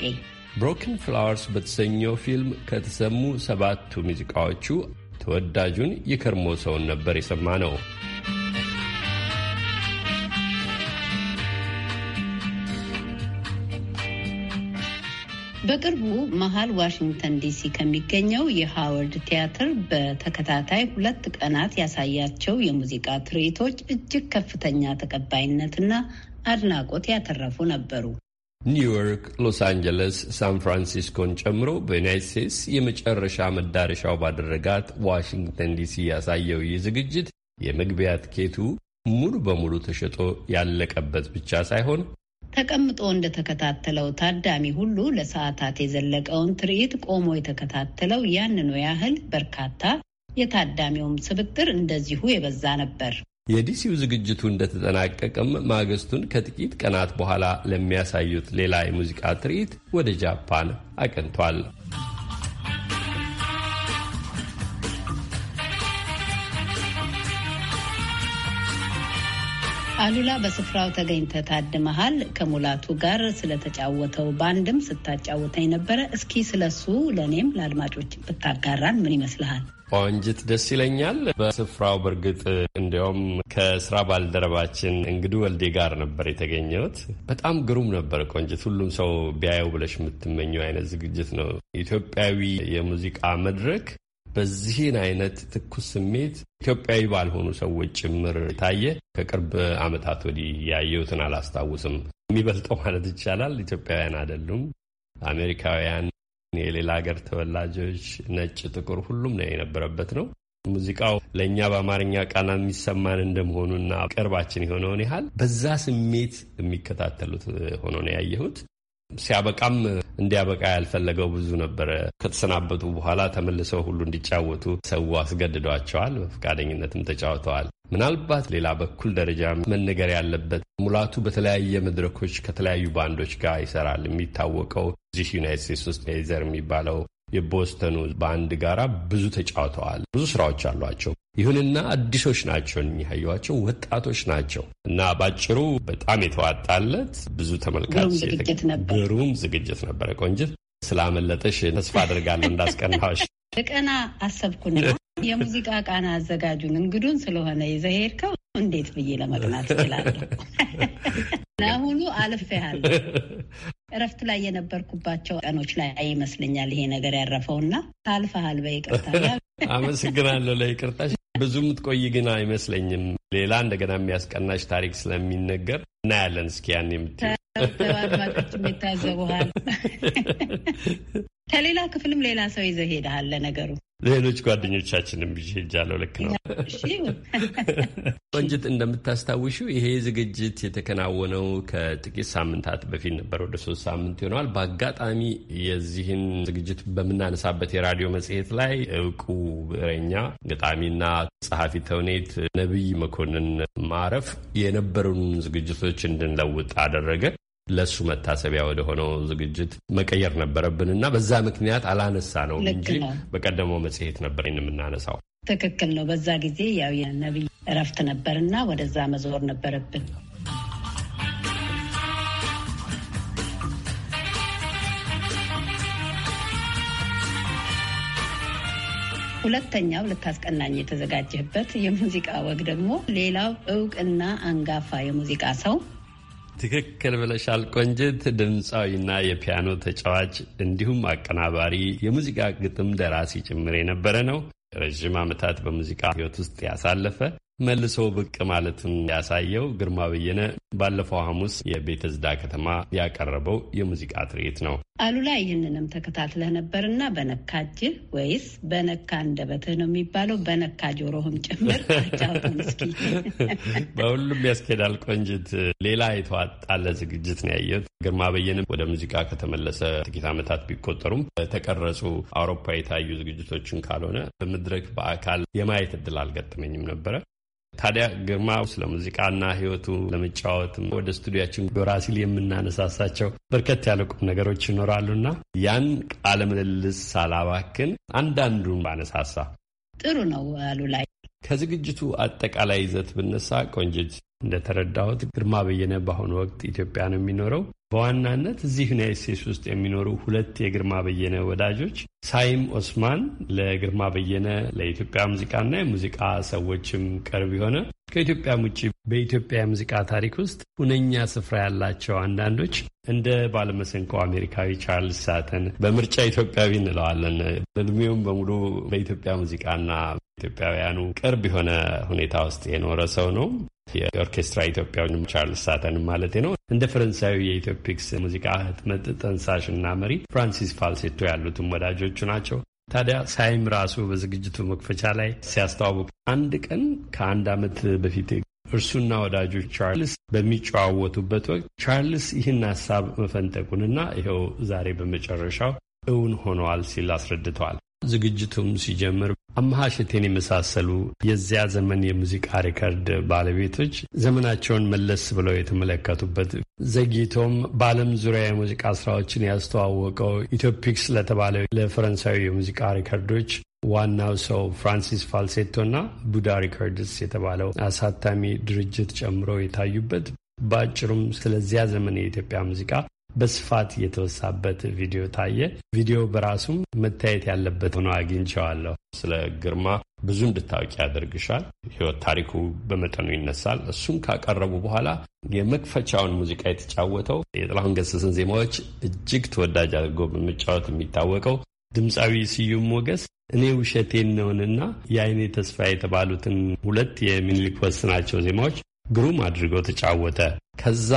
ብሮክን ፍላወርስ በተሰኘው ፊልም ከተሰሙ ሰባቱ ሙዚቃዎቹ ተወዳጁን የከርሞ ሰውን ነበር የሰማ ነው። በቅርቡ መሀል ዋሽንግተን ዲሲ ከሚገኘው የሃወርድ ቲያትር በተከታታይ ሁለት ቀናት ያሳያቸው የሙዚቃ ትርኢቶች እጅግ ከፍተኛ ተቀባይነትና አድናቆት ያተረፉ ነበሩ። ኒውዮርክ፣ ሎስ አንጀለስ፣ ሳን ፍራንሲስኮን ጨምሮ በዩናይት ስቴትስ የመጨረሻ መዳረሻው ባደረጋት ዋሽንግተን ዲሲ ያሳየው ይህ ዝግጅት የመግቢያ ትኬቱ ሙሉ በሙሉ ተሸጦ ያለቀበት ብቻ ሳይሆን ተቀምጦ እንደተከታተለው ታዳሚ ሁሉ ለሰዓታት የዘለቀውን ትርኢት ቆሞ የተከታተለው ያንኑ ያህል በርካታ የታዳሚውም ስብጥር እንደዚሁ የበዛ ነበር። የዲሲው ዝግጅቱ እንደተጠናቀቀም ማግስቱን ከጥቂት ቀናት በኋላ ለሚያሳዩት ሌላ የሙዚቃ ትርኢት ወደ ጃፓን አቅንቷል። አሉላ በስፍራው ተገኝተ ታድመሃል። ከሙላቱ ጋር ስለተጫወተው ባንድም ስታጫወተኝ ነበረ። እስኪ ስለሱ ለእኔም ለአድማጮች ብታጋራን ምን ይመስልሃል? ቆንጅት ደስ ይለኛል። በስፍራው በእርግጥ እንዲያውም ከስራ ባልደረባችን እንግዱ ወልዴ ጋር ነበር የተገኘሁት። በጣም ግሩም ነበር ቆንጅት። ሁሉም ሰው ቢያየው ብለሽ የምትመኘው አይነት ዝግጅት ነው። ኢትዮጵያዊ የሙዚቃ መድረክ በዚህን አይነት ትኩስ ስሜት ኢትዮጵያዊ ባልሆኑ ሰዎች ጭምር ታየ። ከቅርብ ዓመታት ወዲህ ያየሁትን አላስታውስም። የሚበልጠው ማለት ይቻላል ኢትዮጵያውያን አይደሉም፣ አሜሪካውያን፣ የሌላ ሀገር ተወላጆች ነጭ፣ ጥቁር ሁሉም ነው የነበረበት ነው። ሙዚቃው ለእኛ በአማርኛ ቃና የሚሰማን እንደመሆኑና ቅርባችን የሆነውን ያህል በዛ ስሜት የሚከታተሉት ሆኖ ነው ያየሁት። ሲያበቃም እንዲያበቃ ያልፈለገው ብዙ ነበረ። ከተሰናበቱ በኋላ ተመልሰው ሁሉ እንዲጫወቱ ሰው አስገድዷቸዋል። በፈቃደኝነትም ተጫውተዋል። ምናልባት ሌላ በኩል ደረጃ መነገር ያለበት ሙላቱ በተለያየ መድረኮች ከተለያዩ ባንዶች ጋር ይሰራል። የሚታወቀው እዚህ ዩናይት ስቴትስ ውስጥ ኤዘር የሚባለው የቦስተኑ በአንድ ጋራ ብዙ ተጫውተዋል። ብዙ ስራዎች አሏቸው። ይሁንና አዲሶች ናቸው የሚያዩዋቸው ወጣቶች ናቸው እና ባጭሩ በጣም የተዋጣለት ብዙ ተመልካች ግሩም ዝግጅት ነበረ። ቆንጅት ስላመለጠሽ ተስፋ አድርጋለሁ እንዳስቀናዎች። በቀና አሰብኩና የሙዚቃ ቃና አዘጋጁን እንግዱን ስለሆነ ይዘሄድከው እንዴት ብዬ ለመቅናት እችላለሁ? [LAUGHS] ለአሁኑ አልፌሃለሁ። እረፍት ላይ የነበርኩባቸው ቀኖች ላይ ይመስለኛል ይሄ ነገር ያረፈውና አልፈሃል። በይቅርታ አመሰግናለሁ። ለይቅርታሽ ብዙ የምትቆይ ግን አይመስለኝም። ሌላ እንደገና የሚያስቀናሽ ታሪክ ስለሚነገር እናያለን። እስኪ ያን የምትይው አድማጮች የሚታዘቡሃል። [LAUGHS] ከሌላ ክፍልም ሌላ ሰው ይዘህ ሄደሃል። ለነገሩ ሌሎች ጓደኞቻችንም ብዬ ሄጃለሁ። ልክ ነው ቆንጅት፣ እንደምታስታውሽው ይሄ ዝግጅት የተከናወነው ከጥቂት ሳምንታት በፊት ነበር። ወደ ሶስት ሳምንት ይሆነዋል። በአጋጣሚ የዚህን ዝግጅት በምናነሳበት የራዲዮ መጽሔት ላይ እውቁ ብዕረኛ ገጣሚና ጸሐፊ ተውኔት ነቢይ መኮንን ማረፍ የነበሩን ዝግጅቶች እንድንለውጥ አደረገ። ለእሱ መታሰቢያ ወደሆነው ዝግጅት መቀየር ነበረብንና በዛ ምክንያት አላነሳ ነው እንጂ በቀደመው መጽሔት ነበር የምናነሳው። ትክክል ነው። በዛ ጊዜ ያው የነቢይ እረፍት ነበርና ወደዛ መዞር ነበረብን። ሁለተኛው ልታስቀናኝ የተዘጋጀህበት የሙዚቃ ወግ ደግሞ ሌላው እውቅና አንጋፋ የሙዚቃ ሰው ትክክል ብለሻል ቆንጅት። ድምፃዊና የፒያኖ ተጫዋች እንዲሁም አቀናባሪ፣ የሙዚቃ ግጥም ደራሲ ጭምር የነበረ ነው። ረዥም ዓመታት በሙዚቃ ሕይወት ውስጥ ያሳለፈ መልሶ ብቅ ማለትን ያሳየው ግርማ በየነ ባለፈው ሐሙስ የቤተዝዳ ከተማ ያቀረበው የሙዚቃ ትርኢት ነው። አሉላ ይህንንም ተከታትለህ ነበርና በነካ እጅህ ወይስ በነካ አንደበትህ ነው የሚባለው? በነካ ጆሮህም ጭምር አጫውተን እስኪ። [LAUGHS] በሁሉም ያስኬዳል ቆንጅት። ሌላ የተዋጣለ ዝግጅት ነው ያየሁት። ግርማ በየነ ወደ ሙዚቃ ከተመለሰ ጥቂት ዓመታት ቢቆጠሩም በተቀረጹ አውሮፓ የታዩ ዝግጅቶችን ካልሆነ በመድረክ በአካል የማየት እድል አልገጠመኝም ነበረ። ታዲያ ግርማው ስለ ሙዚቃና ህይወቱ ለመጫወትም ወደ ስቱዲያችን ጎራ ሲል የምናነሳሳቸው በርከት ያለ ቁም ነገሮች ይኖራሉና ያን ቃለ ምልልስ ሳላባክን አንዳንዱን ባነሳሳ ጥሩ ነው አሉ ላይ ከዝግጅቱ አጠቃላይ ይዘት ብነሳ ቆንጅት እንደተረዳሁት ግርማ በየነ በአሁኑ ወቅት ኢትዮጵያ ነው የሚኖረው። በዋናነት እዚህ ዩናይት ስቴትስ ውስጥ የሚኖሩ ሁለት የግርማ በየነ ወዳጆች ሳይም ኦስማን ለግርማ በየነ ለኢትዮጵያ ሙዚቃና የሙዚቃ ሰዎችም ቅርብ የሆነ ከኢትዮጵያም ውጭ በኢትዮጵያ የሙዚቃ ታሪክ ውስጥ ሁነኛ ስፍራ ያላቸው አንዳንዶች እንደ ባለመሰንቆ አሜሪካዊ ቻርልስ ሳተን በምርጫ ኢትዮጵያዊ እንለዋለን። እድሜውም በሙሉ በኢትዮጵያ ሙዚቃና ኢትዮጵያውያኑ ቅርብ የሆነ ሁኔታ ውስጥ የኖረ ሰው ነው። የኦርኬስትራ ኢትዮጵያውንም ቻርልስ ሳተን ማለት ነው። እንደ ፈረንሳዊ የኢትዮፒክስ ሙዚቃ ህትመት ጠንሳሽና መሪ ፍራንሲስ ፋልሴቶ ያሉትም ወዳጆች ቀዳሚዎቹ ናቸው። ታዲያ ሳይም ራሱ በዝግጅቱ መክፈቻ ላይ ሲያስተዋውቅ አንድ ቀን ከአንድ ዓመት በፊት እርሱና ወዳጆች ቻርልስ በሚጨዋወቱበት ወቅት ቻርልስ ይህን ሀሳብ መፈንጠቁንና ይኸው ዛሬ በመጨረሻው እውን ሆነዋል ሲል አስረድተዋል። ዝግጅቱም ሲጀምር አመሀ የመሳሰሉ የዚያ ዘመን የሙዚቃ ሪከርድ ባለቤቶች ዘመናቸውን መለስ ብለው የተመለከቱበት ዘግይቶም በዓለም ዙሪያ የሙዚቃ ስራዎችን ያስተዋወቀው ኢትዮፒክስ ለተባለው ለፈረንሳዊ የሙዚቃ ሪከርዶች ዋናው ሰው ፍራንሲስ ፋልሴቶና ቡዳ ሪከርድስ የተባለው አሳታሚ ድርጅት ጨምሮ የታዩበት በአጭሩም ስለዚያ ዘመን የኢትዮጵያ ሙዚቃ በስፋት የተወሳበት ቪዲዮ ታየ። ቪዲዮ በራሱም መታየት ያለበት ሆኖ አግኝቸዋለሁ። ስለ ግርማ ብዙ እንድታውቂ ያደርግሻል። ህይወት ታሪኩ በመጠኑ ይነሳል። እሱን ካቀረቡ በኋላ የመክፈቻውን ሙዚቃ የተጫወተው የጥላሁን ገሰሰን ዜማዎች እጅግ ተወዳጅ አድርጎ በመጫወት የሚታወቀው ድምፃዊ ስዩም ሞገስ እኔ ውሸቴን ነውንና የአይኔ ተስፋ የተባሉትን ሁለት የሚኒሊክ ወስናቸው ዜማዎች ግሩም አድርገው ተጫወተ። ከዛ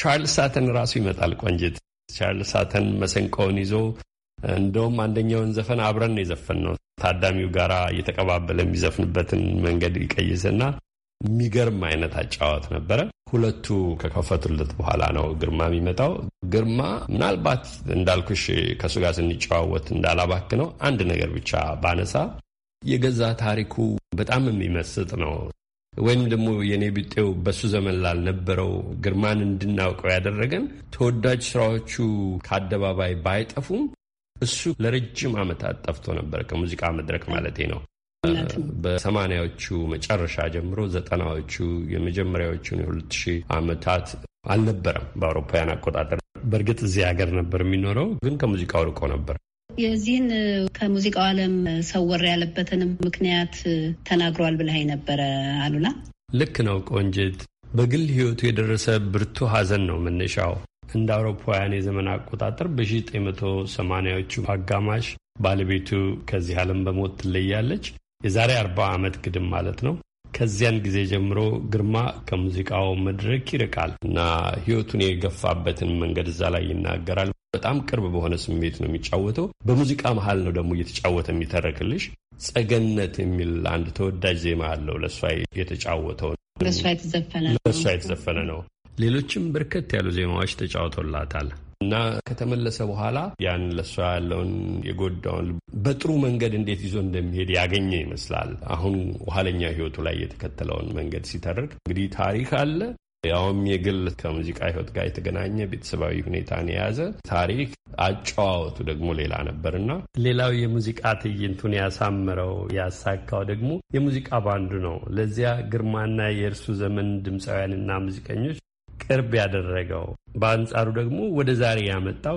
ቻርልስ ሳተን ራሱ ይመጣል። ቆንጅት ቻርልስ ሳተን መሰንቆውን ይዞ እንደውም አንደኛውን ዘፈን አብረን የዘፈን ነው ታዳሚው ጋራ እየተቀባበለ የሚዘፍንበትን መንገድ ይቀይስና የሚገርም አይነት አጫዋት ነበረ። ሁለቱ ከከፈቱለት በኋላ ነው ግርማ የሚመጣው። ግርማ ምናልባት እንዳልኩሽ ከእሱ ጋር ስንጨዋወት እንዳላባክ ነው አንድ ነገር ብቻ ባነሳ የገዛ ታሪኩ በጣም የሚመስጥ ነው። ወይም ደግሞ የኔ ብጤው በሱ ዘመን ላልነበረው ግርማን እንድናውቀው ያደረገን ተወዳጅ ስራዎቹ ከአደባባይ ባይጠፉም እሱ ለረጅም ዓመታት ጠፍቶ ነበር፣ ከሙዚቃ መድረክ ማለቴ ነው። በሰማንያዎቹ መጨረሻ ጀምሮ ዘጠናዎቹ የመጀመሪያዎቹን የሁለት ሺህ ዓመታት አልነበረም በአውሮፓውያን አቆጣጠር። በእርግጥ እዚህ ሀገር ነበር የሚኖረው፣ ግን ከሙዚቃው ርቆ ነበር። የዚህን ከሙዚቃው ዓለም ሰወር ያለበትንም ምክንያት ተናግሯል ብለህ ነበረ አሉላ። ልክ ነው ቆንጅት። በግል ህይወቱ የደረሰ ብርቱ ሐዘን ነው መነሻው። እንደ አውሮፓውያን የዘመን አቆጣጠር በ1980ዎቹ አጋማሽ ባለቤቱ ከዚህ ዓለም በሞት ትለያለች። የዛሬ አርባ ዓመት ግድም ማለት ነው። ከዚያን ጊዜ ጀምሮ ግርማ ከሙዚቃው መድረክ ይርቃል እና ህይወቱን የገፋበትን መንገድ እዛ ላይ ይናገራል። በጣም ቅርብ በሆነ ስሜት ነው የሚጫወተው። በሙዚቃ መሀል ነው ደግሞ እየተጫወተ የሚተረክልሽ። ጸገነት የሚል አንድ ተወዳጅ ዜማ አለው። ለእሷ የተጫወተው ለእሷ የተዘፈነ ነው። ሌሎችም በርከት ያሉ ዜማዎች ተጫውቶላታል። እና ከተመለሰ በኋላ ያን ለሷ ያለውን የጎዳውን በጥሩ መንገድ እንዴት ይዞ እንደሚሄድ ያገኘ ይመስላል። አሁን ኋለኛ ህይወቱ ላይ የተከተለውን መንገድ ሲተርክ እንግዲህ ታሪክ አለ፣ ያውም የግል ከሙዚቃ ህይወት ጋር የተገናኘ ቤተሰባዊ ሁኔታን የያዘ ታሪክ አጨዋወቱ ደግሞ ሌላ ነበር እና ሌላው የሙዚቃ ትዕይንቱን ያሳምረው ያሳካው ደግሞ የሙዚቃ ባንዱ ነው። ለዚያ ግርማና የእርሱ ዘመን ድምፃውያንና ሙዚቀኞች ቅርብ ያደረገው፣ በአንጻሩ ደግሞ ወደ ዛሬ ያመጣው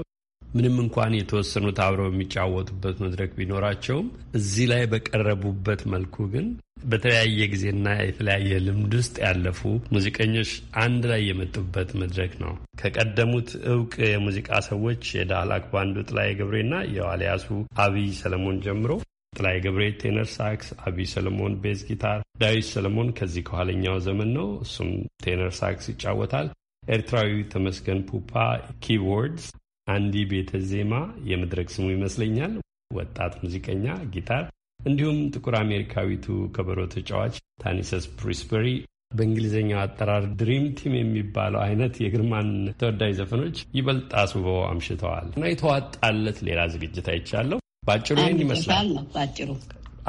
ምንም እንኳን የተወሰኑት አብረው የሚጫወቱበት መድረክ ቢኖራቸውም እዚህ ላይ በቀረቡበት መልኩ ግን በተለያየ ጊዜና የተለያየ ልምድ ውስጥ ያለፉ ሙዚቀኞች አንድ ላይ የመጡበት መድረክ ነው። ከቀደሙት እውቅ የሙዚቃ ሰዎች የዳህላክ ባንዱ ጥላዬ ገብሬና የዋልያሱ አብይ ሰለሞን ጀምሮ ጥላዬ ገብሬ ቴነር ሳክስ፣ አብይ ሰለሞን ቤዝ ጊታር፣ ዳዊት ሰለሞን ከዚህ ከኋለኛው ዘመን ነው፣ እሱም ቴነር ሳክስ ይጫወታል። ኤርትራዊ ተመስገን ፑፓ ኪቦርድስ አንዲ ቤተ ዜማ የመድረክ ስሙ ይመስለኛል፣ ወጣት ሙዚቀኛ ጊታር፣ እንዲሁም ጥቁር አሜሪካዊቱ ከበሮ ተጫዋች ታኒሰስ ፕሪስበሪ በእንግሊዝኛው አጠራር ድሪም ቲም የሚባለው አይነት የግርማን ተወዳጅ ዘፈኖች ይበልጥ አስውበው አምሽተዋል እና የተዋጣለት ሌላ ዝግጅት አይቻለሁ። ባጭሩ ይህን ይመስላል።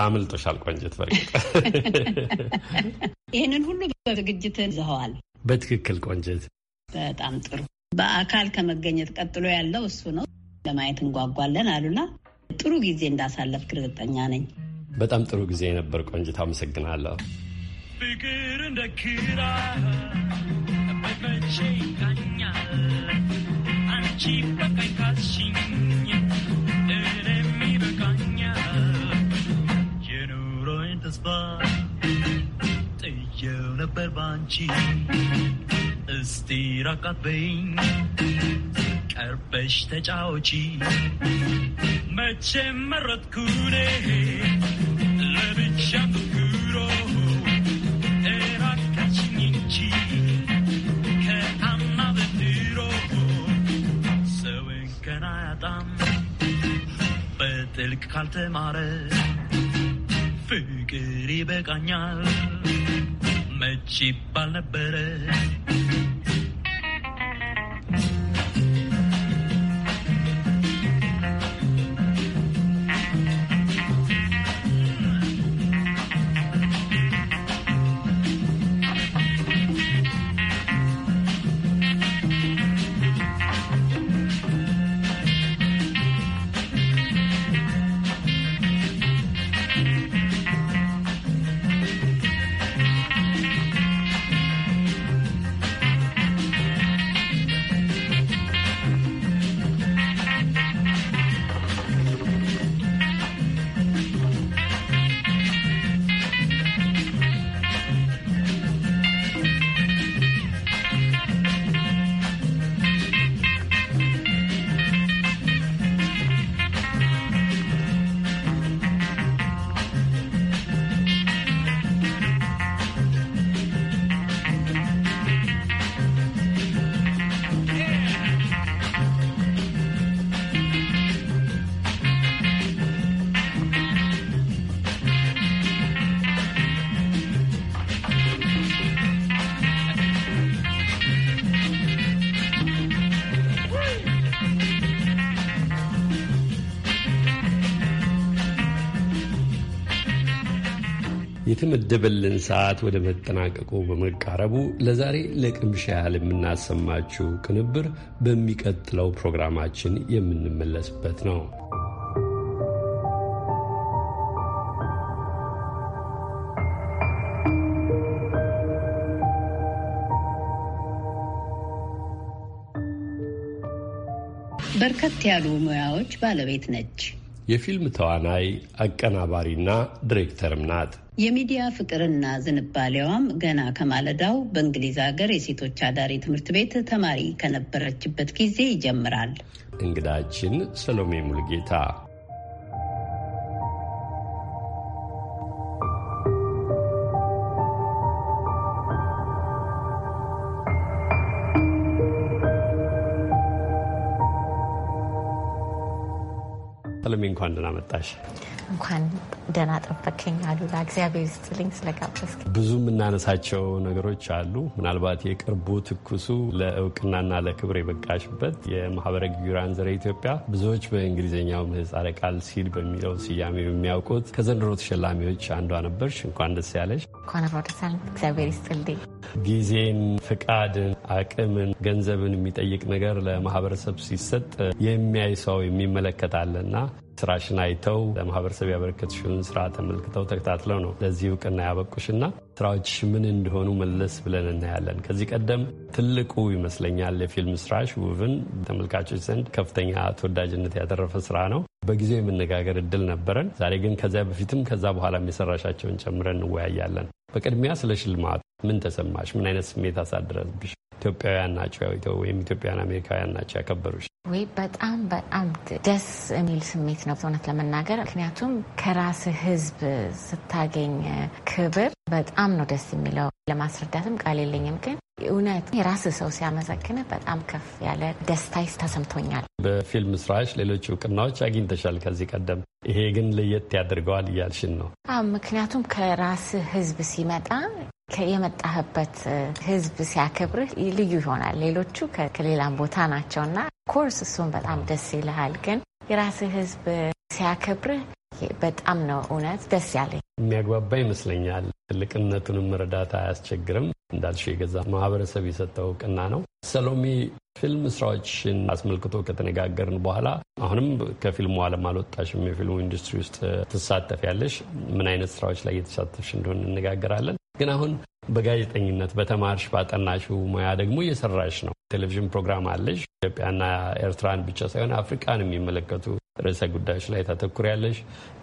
አምልጦሻል ቆንጅት። በርግጥ [LAUGHS] ይህንን ሁሉ በዝግጅት ዘኸዋል። በትክክል ቆንጀት። በጣም ጥሩ። በአካል ከመገኘት ቀጥሎ ያለው እሱ ነው። ለማየት እንጓጓለን አሉና ጥሩ ጊዜ እንዳሳለፍ እርግጠኛ ነኝ። በጣም ጥሩ ጊዜ ነበር ቆንጅት፣ አመሰግናለሁ። ፍቅር እንደ ኪራ በመቼ አንቺ ካልሽኝ እኔም ይበቃኛል የኑሮዬን ተስፋ ነበር ባንቺ እስቲራቃበኝ ቀርበሽ ተጫወቺ መቼም መረጥኩኔ ለብቻ ትኩሮ እራካችኝ እንጂ ከአማ በድሮ ሰውን ከና ያጣም በጥልቅ ካልተማረ ፍቅር ይበቃኛል meci palabra. የተመደበልን ሰዓት ወደ መጠናቀቁ በመቃረቡ ለዛሬ ለቅምሻ ያህል የምናሰማችው ቅንብር በሚቀጥለው ፕሮግራማችን የምንመለስበት ነው። በርከት ያሉ ሙያዎች ባለቤት ነች። የፊልም ተዋናይ አቀናባሪና ዲሬክተርም ናት። የሚዲያ ፍቅርና ዝንባሌዋም ገና ከማለዳው በእንግሊዝ ሀገር የሴቶች አዳሪ ትምህርት ቤት ተማሪ ከነበረችበት ጊዜ ይጀምራል። እንግዳችን ሰሎሜ ሙልጌታ ሰለሜ እንኳን ደህና መጣሽ። እንኳን ደህና ጠበከኝ አሉላ። እግዚአብሔር ይስጥልኝ ስለጋበዝ። ብዙ የምናነሳቸው ነገሮች አሉ። ምናልባት የቅርቡ ትኩሱ ለእውቅናና ለክብር የበቃሽበት የማህበረ ጊዩራን ዘረ ኢትዮጵያ ብዙዎች በእንግሊዝኛው ምህጻረ ቃል ሲል በሚለው ስያሜ የሚያውቁት ከዘንድሮ ተሸላሚዎች አንዷ ነበርሽ። እንኳን ደስ ያለሽ። እንኳን አብሮ ደስ አለን። እግዚአብሔር ይስጥልኝ። ጊዜን፣ ፍቃድን፣ አቅምን፣ ገንዘብን የሚጠይቅ ነገር ለማህበረሰብ ሲሰጥ የሚያይ ሰው የሚመለከታልና ስራሽን አይተው ለማህበረሰብ ያበረከትሽውን ስራ ተመልክተው ተከታትለው ነው ለዚህ እውቅና ያበቁሽና ስራዎች ምን እንደሆኑ መለስ ብለን እናያለን። ከዚህ ቀደም ትልቁ ይመስለኛል የፊልም ስራሽ ውብን ተመልካቾች ዘንድ ከፍተኛ ተወዳጅነት ያተረፈ ስራ ነው። በጊዜው የመነጋገር እድል ነበረን። ዛሬ ግን ከዚያ በፊትም ከዛ በኋላም የሰራሻቸውን ጨምረን እንወያያለን። በቅድሚያ ስለ ሽልማት ምን ተሰማሽ? ምን አይነት ስሜት አሳድረብሽ? ኢትዮጵያውያን ናቸው ወይም ኢትዮጵያን አሜሪካውያን ናቸው ያከበሩሽ? ወይ በጣም በጣም ደስ የሚል ስሜት ነው እውነት ለመናገር ምክንያቱም ከራስ ህዝብ ስታገኝ ክብር በጣም ነው ደስ የሚለው። ለማስረዳትም ቃል የለኝም ግን እውነት የራስ ሰው ሲያመሰግንህ በጣም ከፍ ያለ ደስታይስ ተሰምቶኛል። በፊልም ስራሽ ሌሎች እውቅናዎች አግኝተሻል ከዚህ ቀደም፣ ይሄ ግን ለየት ያደርገዋል እያልሽን ነው? ምክንያቱም ከራስ ህዝብ ሲመጣ የመጣህበት ህዝብ ሲያከብርህ ልዩ ይሆናል። ሌሎቹ ከሌላም ቦታ ናቸውና ኮርስ እሱን በጣም ደስ ይልሃል። ግን የራስህ ህዝብ ሲያከብርህ በጣም ነው እውነት ደስ ያለኝ። የሚያግባባ ይመስለኛል። ትልቅነቱንም መረዳት አያስቸግርም። እንዳልሽው የገዛ ማህበረሰብ የሰጠው እውቅና ነው። ሰሎሜ፣ ፊልም ስራዎችን አስመልክቶ ከተነጋገርን በኋላ አሁንም ከፊልሙ ዓለም አልወጣሽም። የፊልሙ ኢንዱስትሪ ውስጥ ያለሽ ምን አይነት ስራዎች ላይ እየተሳተፍሽ እንደሆን እንነጋገራለን። ግን አሁን በጋዜጠኝነት በተማርሽ ባጠናሽው ሙያ ደግሞ እየሰራሽ ነው። ቴሌቪዥን ፕሮግራም አለሽ። ኢትዮጵያና ኤርትራን ብቻ ሳይሆን አፍሪካን የሚመለከቱ ርዕሰ ጉዳዮች ላይ ታተኩሪያለሽ።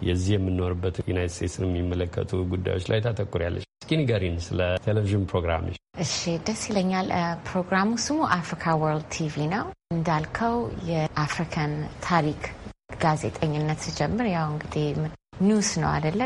የዚህ የምንኖርበት ዩናይት ስቴትስን የሚመለከቱ ጉዳዮች ላይ ታተኩሪያለሽ። እስኪ ንገሪን ስለ ቴሌቪዥን ፕሮግራም። እሺ፣ ደስ ይለኛል። ፕሮግራሙ ስሙ አፍሪካ ወርልድ ቲቪ ነው። እንዳልከው የአፍሪካን ታሪክ ጋዜጠኝነት ስጀምር ያው እንግዲህ ኒውስ ነው አደለ?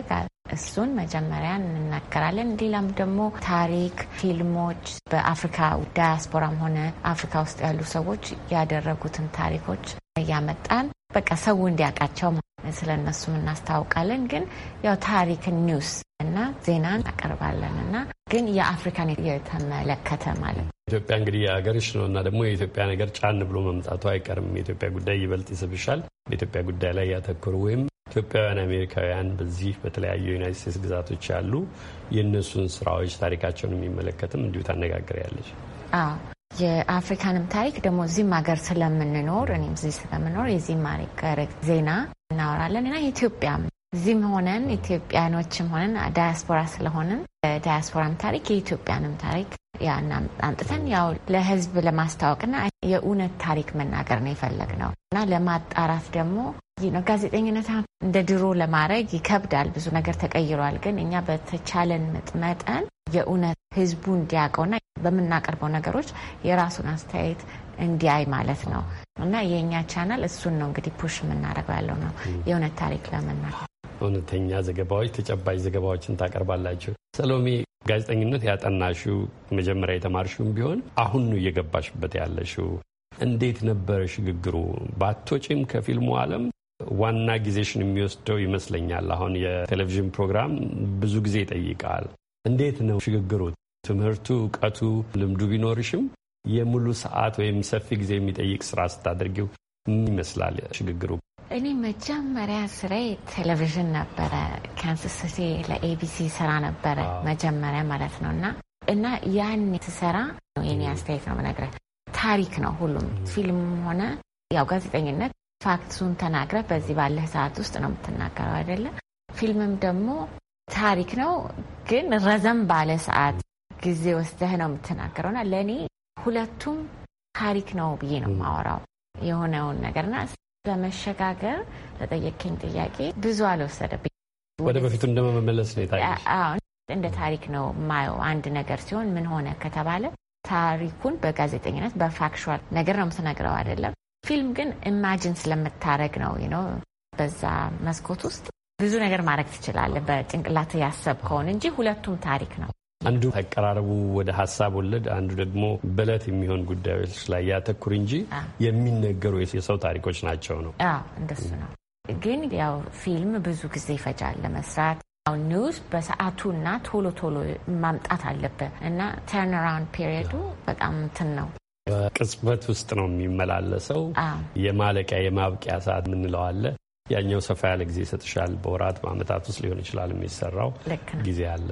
እሱን መጀመሪያ እንናገራለን። ሌላም ደግሞ ታሪክ፣ ፊልሞች በአፍሪካ ዳያስፖራም ሆነ አፍሪካ ውስጥ ያሉ ሰዎች ያደረጉትን ታሪኮች እያመጣን በቃ ሰው እንዲያውቃቸው ስለ እነሱም እናስታውቃለን። ግን ያው ታሪክን ኒውስ እና ዜናን እናቀርባለን እና ግን የአፍሪካን የተመለከተ ማለት ነው። ኢትዮጵያ እንግዲህ የሀገርሽ ነው እና ደግሞ የኢትዮጵያ ነገር ጫን ብሎ መምጣቱ አይቀርም። የኢትዮጵያ ጉዳይ ይበልጥ ይስብሻል። በኢትዮጵያ ጉዳይ ላይ ያተኮሩ ወይም ኢትዮጵያውያን አሜሪካውያን በዚህ በተለያዩ ዩናይት ስቴትስ ግዛቶች ያሉ የእነሱን ስራዎች ታሪካቸውን የሚመለከትም እንዲሁ ያለች የአፍሪካንም ታሪክ ደግሞ እዚህም ሀገር ስለምንኖር እኔም እዚህ ስለምኖር የዚህም ሀገር ዜና እናወራለን እና ኢትዮጵያም እዚህም ሆነን ኢትዮጵያኖችም ሆነን ዳያስፖራ ስለሆንን ዳያስፖራም ታሪክ የኢትዮጵያንም ታሪክ ያና አንጥተን ያው ለህዝብ ለማስታወቅና የእውነት ታሪክ መናገር ነው ነው እና ለማጣራት ደግሞ ነው ጋዜጠኝነት እንደ ድሮ ለማድረግ ይከብዳል። ብዙ ነገር ተቀይሯል። ግን እኛ በተቻለን መጠን የእውነት ህዝቡ እንዲያውቀውና በምናቀርበው ነገሮች የራሱን አስተያየት እንዲያይ ማለት ነው እና የእኛ ቻናል እሱን ነው እንግዲህ ፑሽ የምናደርገው ያለው ነው የእውነት ታሪክ ለመናገር እውነተኛ ዘገባዎች፣ ተጨባጭ ዘገባዎችን ታቀርባላችሁ። ሰሎሜ ጋዜጠኝነት ያጠናሽው መጀመሪያ የተማርሽውም ቢሆን አሁን ነው እየገባሽበት ያለሽው። እንዴት ነበረ ሽግግሩ? ባቶጪም ከፊልሙ ዓለም ዋና ጊዜሽን የሚወስደው ይመስለኛል። አሁን የቴሌቪዥን ፕሮግራም ብዙ ጊዜ ይጠይቃል። እንዴት ነው ሽግግሩ? ትምህርቱ፣ እውቀቱ፣ ልምዱ ቢኖርሽም የሙሉ ሰዓት ወይም ሰፊ ጊዜ የሚጠይቅ ስራ ስታደርጊው ምን ይመስላል ሽግግሩ? እኔ መጀመሪያ ስራዬ ቴሌቪዥን ነበረ። ካንሳስ ሲቲ ለኤቢሲ ስራ ነበረ መጀመሪያ ማለት ነው እና እና ያን ስሰራ የኔ አስተያየት ነው የምነግርህ። ታሪክ ነው ሁሉም ፊልም ሆነ ያው ጋዜጠኝነት ፋክቱን ተናግረ በዚህ ባለ ሰዓት ውስጥ ነው የምትናገረው አይደለ? ፊልምም ደግሞ ታሪክ ነው ግን ረዘም ባለ ሰዓት ጊዜ ወስደህ ነው የምትናገረው እና ለእኔ ሁለቱም ታሪክ ነው ብዬ ነው የማወራው የሆነውን ነገርና በመሸጋገር ለጠየከኝ ጥያቄ ብዙ አልወሰደብኝ። ወደ በፊቱ እንደመመለስ ነው እንደ ታሪክ ነው የማየው። አንድ ነገር ሲሆን ምን ሆነ ከተባለ ታሪኩን በጋዜጠኝነት በፋክሹዋል ነገር ነው የምትነግረው አይደለም። ፊልም ግን ኢማጂን ስለምታረግ ነው ነው በዛ መስኮት ውስጥ ብዙ ነገር ማድረግ ትችላለህ በጭንቅላት ያሰብከውን እንጂ ሁለቱም ታሪክ ነው። አንዱ አቀራረቡ ወደ ሀሳብ ወለድ፣ አንዱ ደግሞ በለት የሚሆን ጉዳዮች ላይ ያተኩር እንጂ የሚነገሩ የሰው ታሪኮች ናቸው ነው። እንደሱ ነው። ግን ያው ፊልም ብዙ ጊዜ ይፈጃል ለመስራት። ኒውስ ኒውስ እና ቶሎ ቶሎ ማምጣት አለበት እና ተርንራውንድ ፔሪዱ በጣም እንትን ነው። በቅጽበት ውስጥ ነው የሚመላለሰው። የማለቂያ የማብቂያ ሰዓት ምንለዋለ ያኛው ሰፋ ያለ ጊዜ ይሰጥሻል። በወራት በአመታት ውስጥ ሊሆን ይችላል የሚሰራው ጊዜ አለ።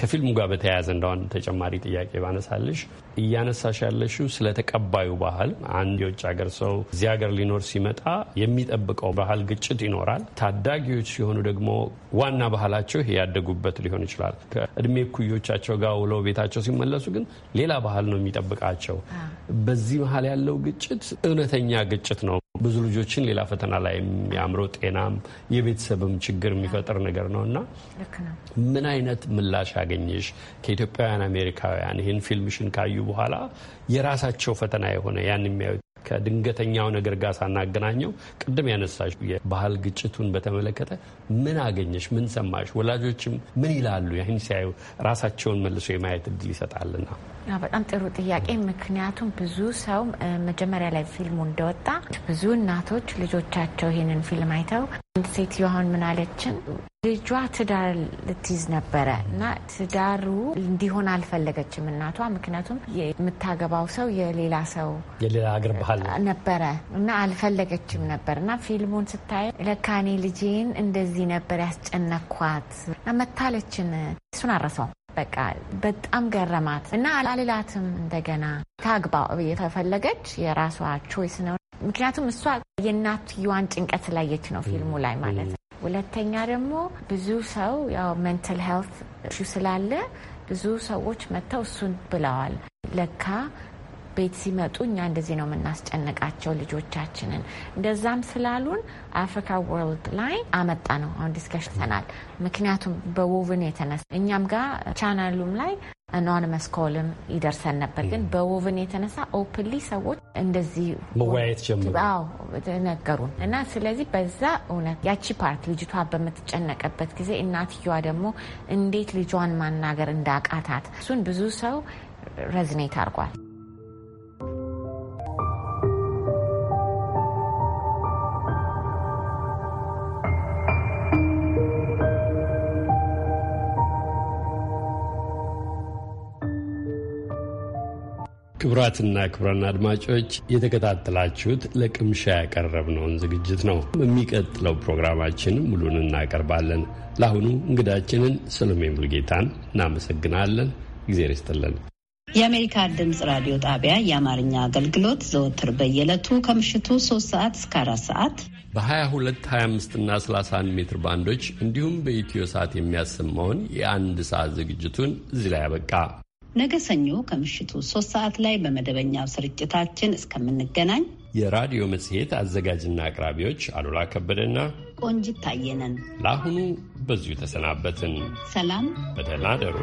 ከፊልሙ ጋር በተያያዘ እንደሆን ተጨማሪ ጥያቄ ባነሳልሽ እያነሳሽ ያለሽው ስለ ተቀባዩ ባህል፣ አንድ የውጭ ሀገር ሰው እዚህ ሀገር ሊኖር ሲመጣ የሚጠብቀው ባህል ግጭት ይኖራል። ታዳጊዎች ሲሆኑ ደግሞ ዋና ባህላቸው ያደጉበት ሊሆን ይችላል። ከእድሜ ኩዮቻቸው ጋር ውለው ቤታቸው ሲመለሱ ግን ሌላ ባህል ነው የሚጠብቃቸው። በዚህ መሀል ያለው ግጭት እውነተኛ ግጭት ነው ብዙ ልጆችን ሌላ ፈተና ላይ የሚያምረው ጤናም የቤተሰብም ችግር የሚፈጥር ነገር ነው እና ምን አይነት ምላሽ አገኘሽ? ከኢትዮጵያውያን አሜሪካውያን ይህን ፊልምሽን ካዩ በኋላ የራሳቸው ፈተና የሆነ ያን የሚያዩት ከድንገተኛው ነገር ጋር ሳናገናኘው ቅድም ያነሳሽ የባህል ግጭቱን በተመለከተ ምን አገኘሽ? ምን ሰማሽ? ወላጆችም ምን ይላሉ? ይህን ሲያዩ ራሳቸውን መልሶ የማየት እድል ይሰጣልና። በጣም ጥሩ ጥያቄ። ምክንያቱም ብዙ ሰው መጀመሪያ ላይ ፊልሙ እንደወጣ ብዙ እናቶች ልጆቻቸው ይህንን ፊልም አይተው አንድ ሴትዮ አሁን ምናለችን ልጇ ትዳር ልትይዝ ነበረ እና ትዳሩ እንዲሆን አልፈለገችም እናቷ። ምክንያቱም የምታገባው ሰው የሌላ ሰው የሌላ አገር ባህል ነበረ እና አልፈለገችም ነበር እና ፊልሙን ስታይ ለካኔ ልጄን እንደዚህ ነበር ያስጨነኳት እና መታለችን። እሱን አረሰው በቃ በጣም ገረማት እና አልላትም እንደገና ታግባ የተፈለገች የራሷ ቾይስ ነው። ምክንያቱም እሷ የእናትየዋን ጭንቀት ላየች ነው ፊልሙ ላይ ማለት ነው። ሁለተኛ ደግሞ ብዙ ሰው ያው ሜንታል ሄልት ሹ ስላለ ብዙ ሰዎች መጥተው እሱን ብለዋል። ለካ ቤት ሲመጡ እኛ እንደዚህ ነው የምናስጨንቃቸው ልጆቻችንን። እንደዛም ስላሉን አፍሪካ ወርልድ ላይ አመጣ ነው አሁን ዲስከሽን ሰናል። ምክንያቱም በውብን የተነሳ እኛም ጋር ቻናሉም ላይ አኖኒመስ ኮልም ይደርሰን ነበር። ግን በውብን የተነሳ ኦፕንሊ ሰዎች እንደዚህ መወያየት ጀምሩ ነገሩን እና ስለዚህ በዛ እውነት ያቺ ፓርት ልጅቷ በምትጨነቀበት ጊዜ እናትየዋ ደግሞ እንዴት ልጇን ማናገር እንዳቃታት እሱን ብዙ ሰው ረዝኔት አድርጓል። ክቡራትና ክቡራን አድማጮች የተከታተላችሁት ለቅምሻ ያቀረብነውን ዝግጅት ነው። በሚቀጥለው ፕሮግራማችን ሙሉን እናቀርባለን። ለአሁኑ እንግዳችንን ሰሎሜ ሙልጌታን እናመሰግናለን። እግዜር ይስጥልን። የአሜሪካ ድምፅ ራዲዮ ጣቢያ የአማርኛ አገልግሎት ዘወትር በየዕለቱ ከምሽቱ 3 ሰዓት እስከ 4 ሰዓት በ22፣ 25 እና 31 ሜትር ባንዶች እንዲሁም በኢትዮ ሰዓት የሚያሰማውን የአንድ ሰዓት ዝግጅቱን እዚህ ላይ ያበቃ ነገ ሰኞ ከምሽቱ ሶስት ሰዓት ላይ በመደበኛው ስርጭታችን እስከምንገናኝ የራዲዮ መጽሔት አዘጋጅና አቅራቢዎች አሉላ ከበደና ቆንጅት ታየነን ለአሁኑ በዚሁ ተሰናበትን። ሰላም፣ በደህና ደሩ።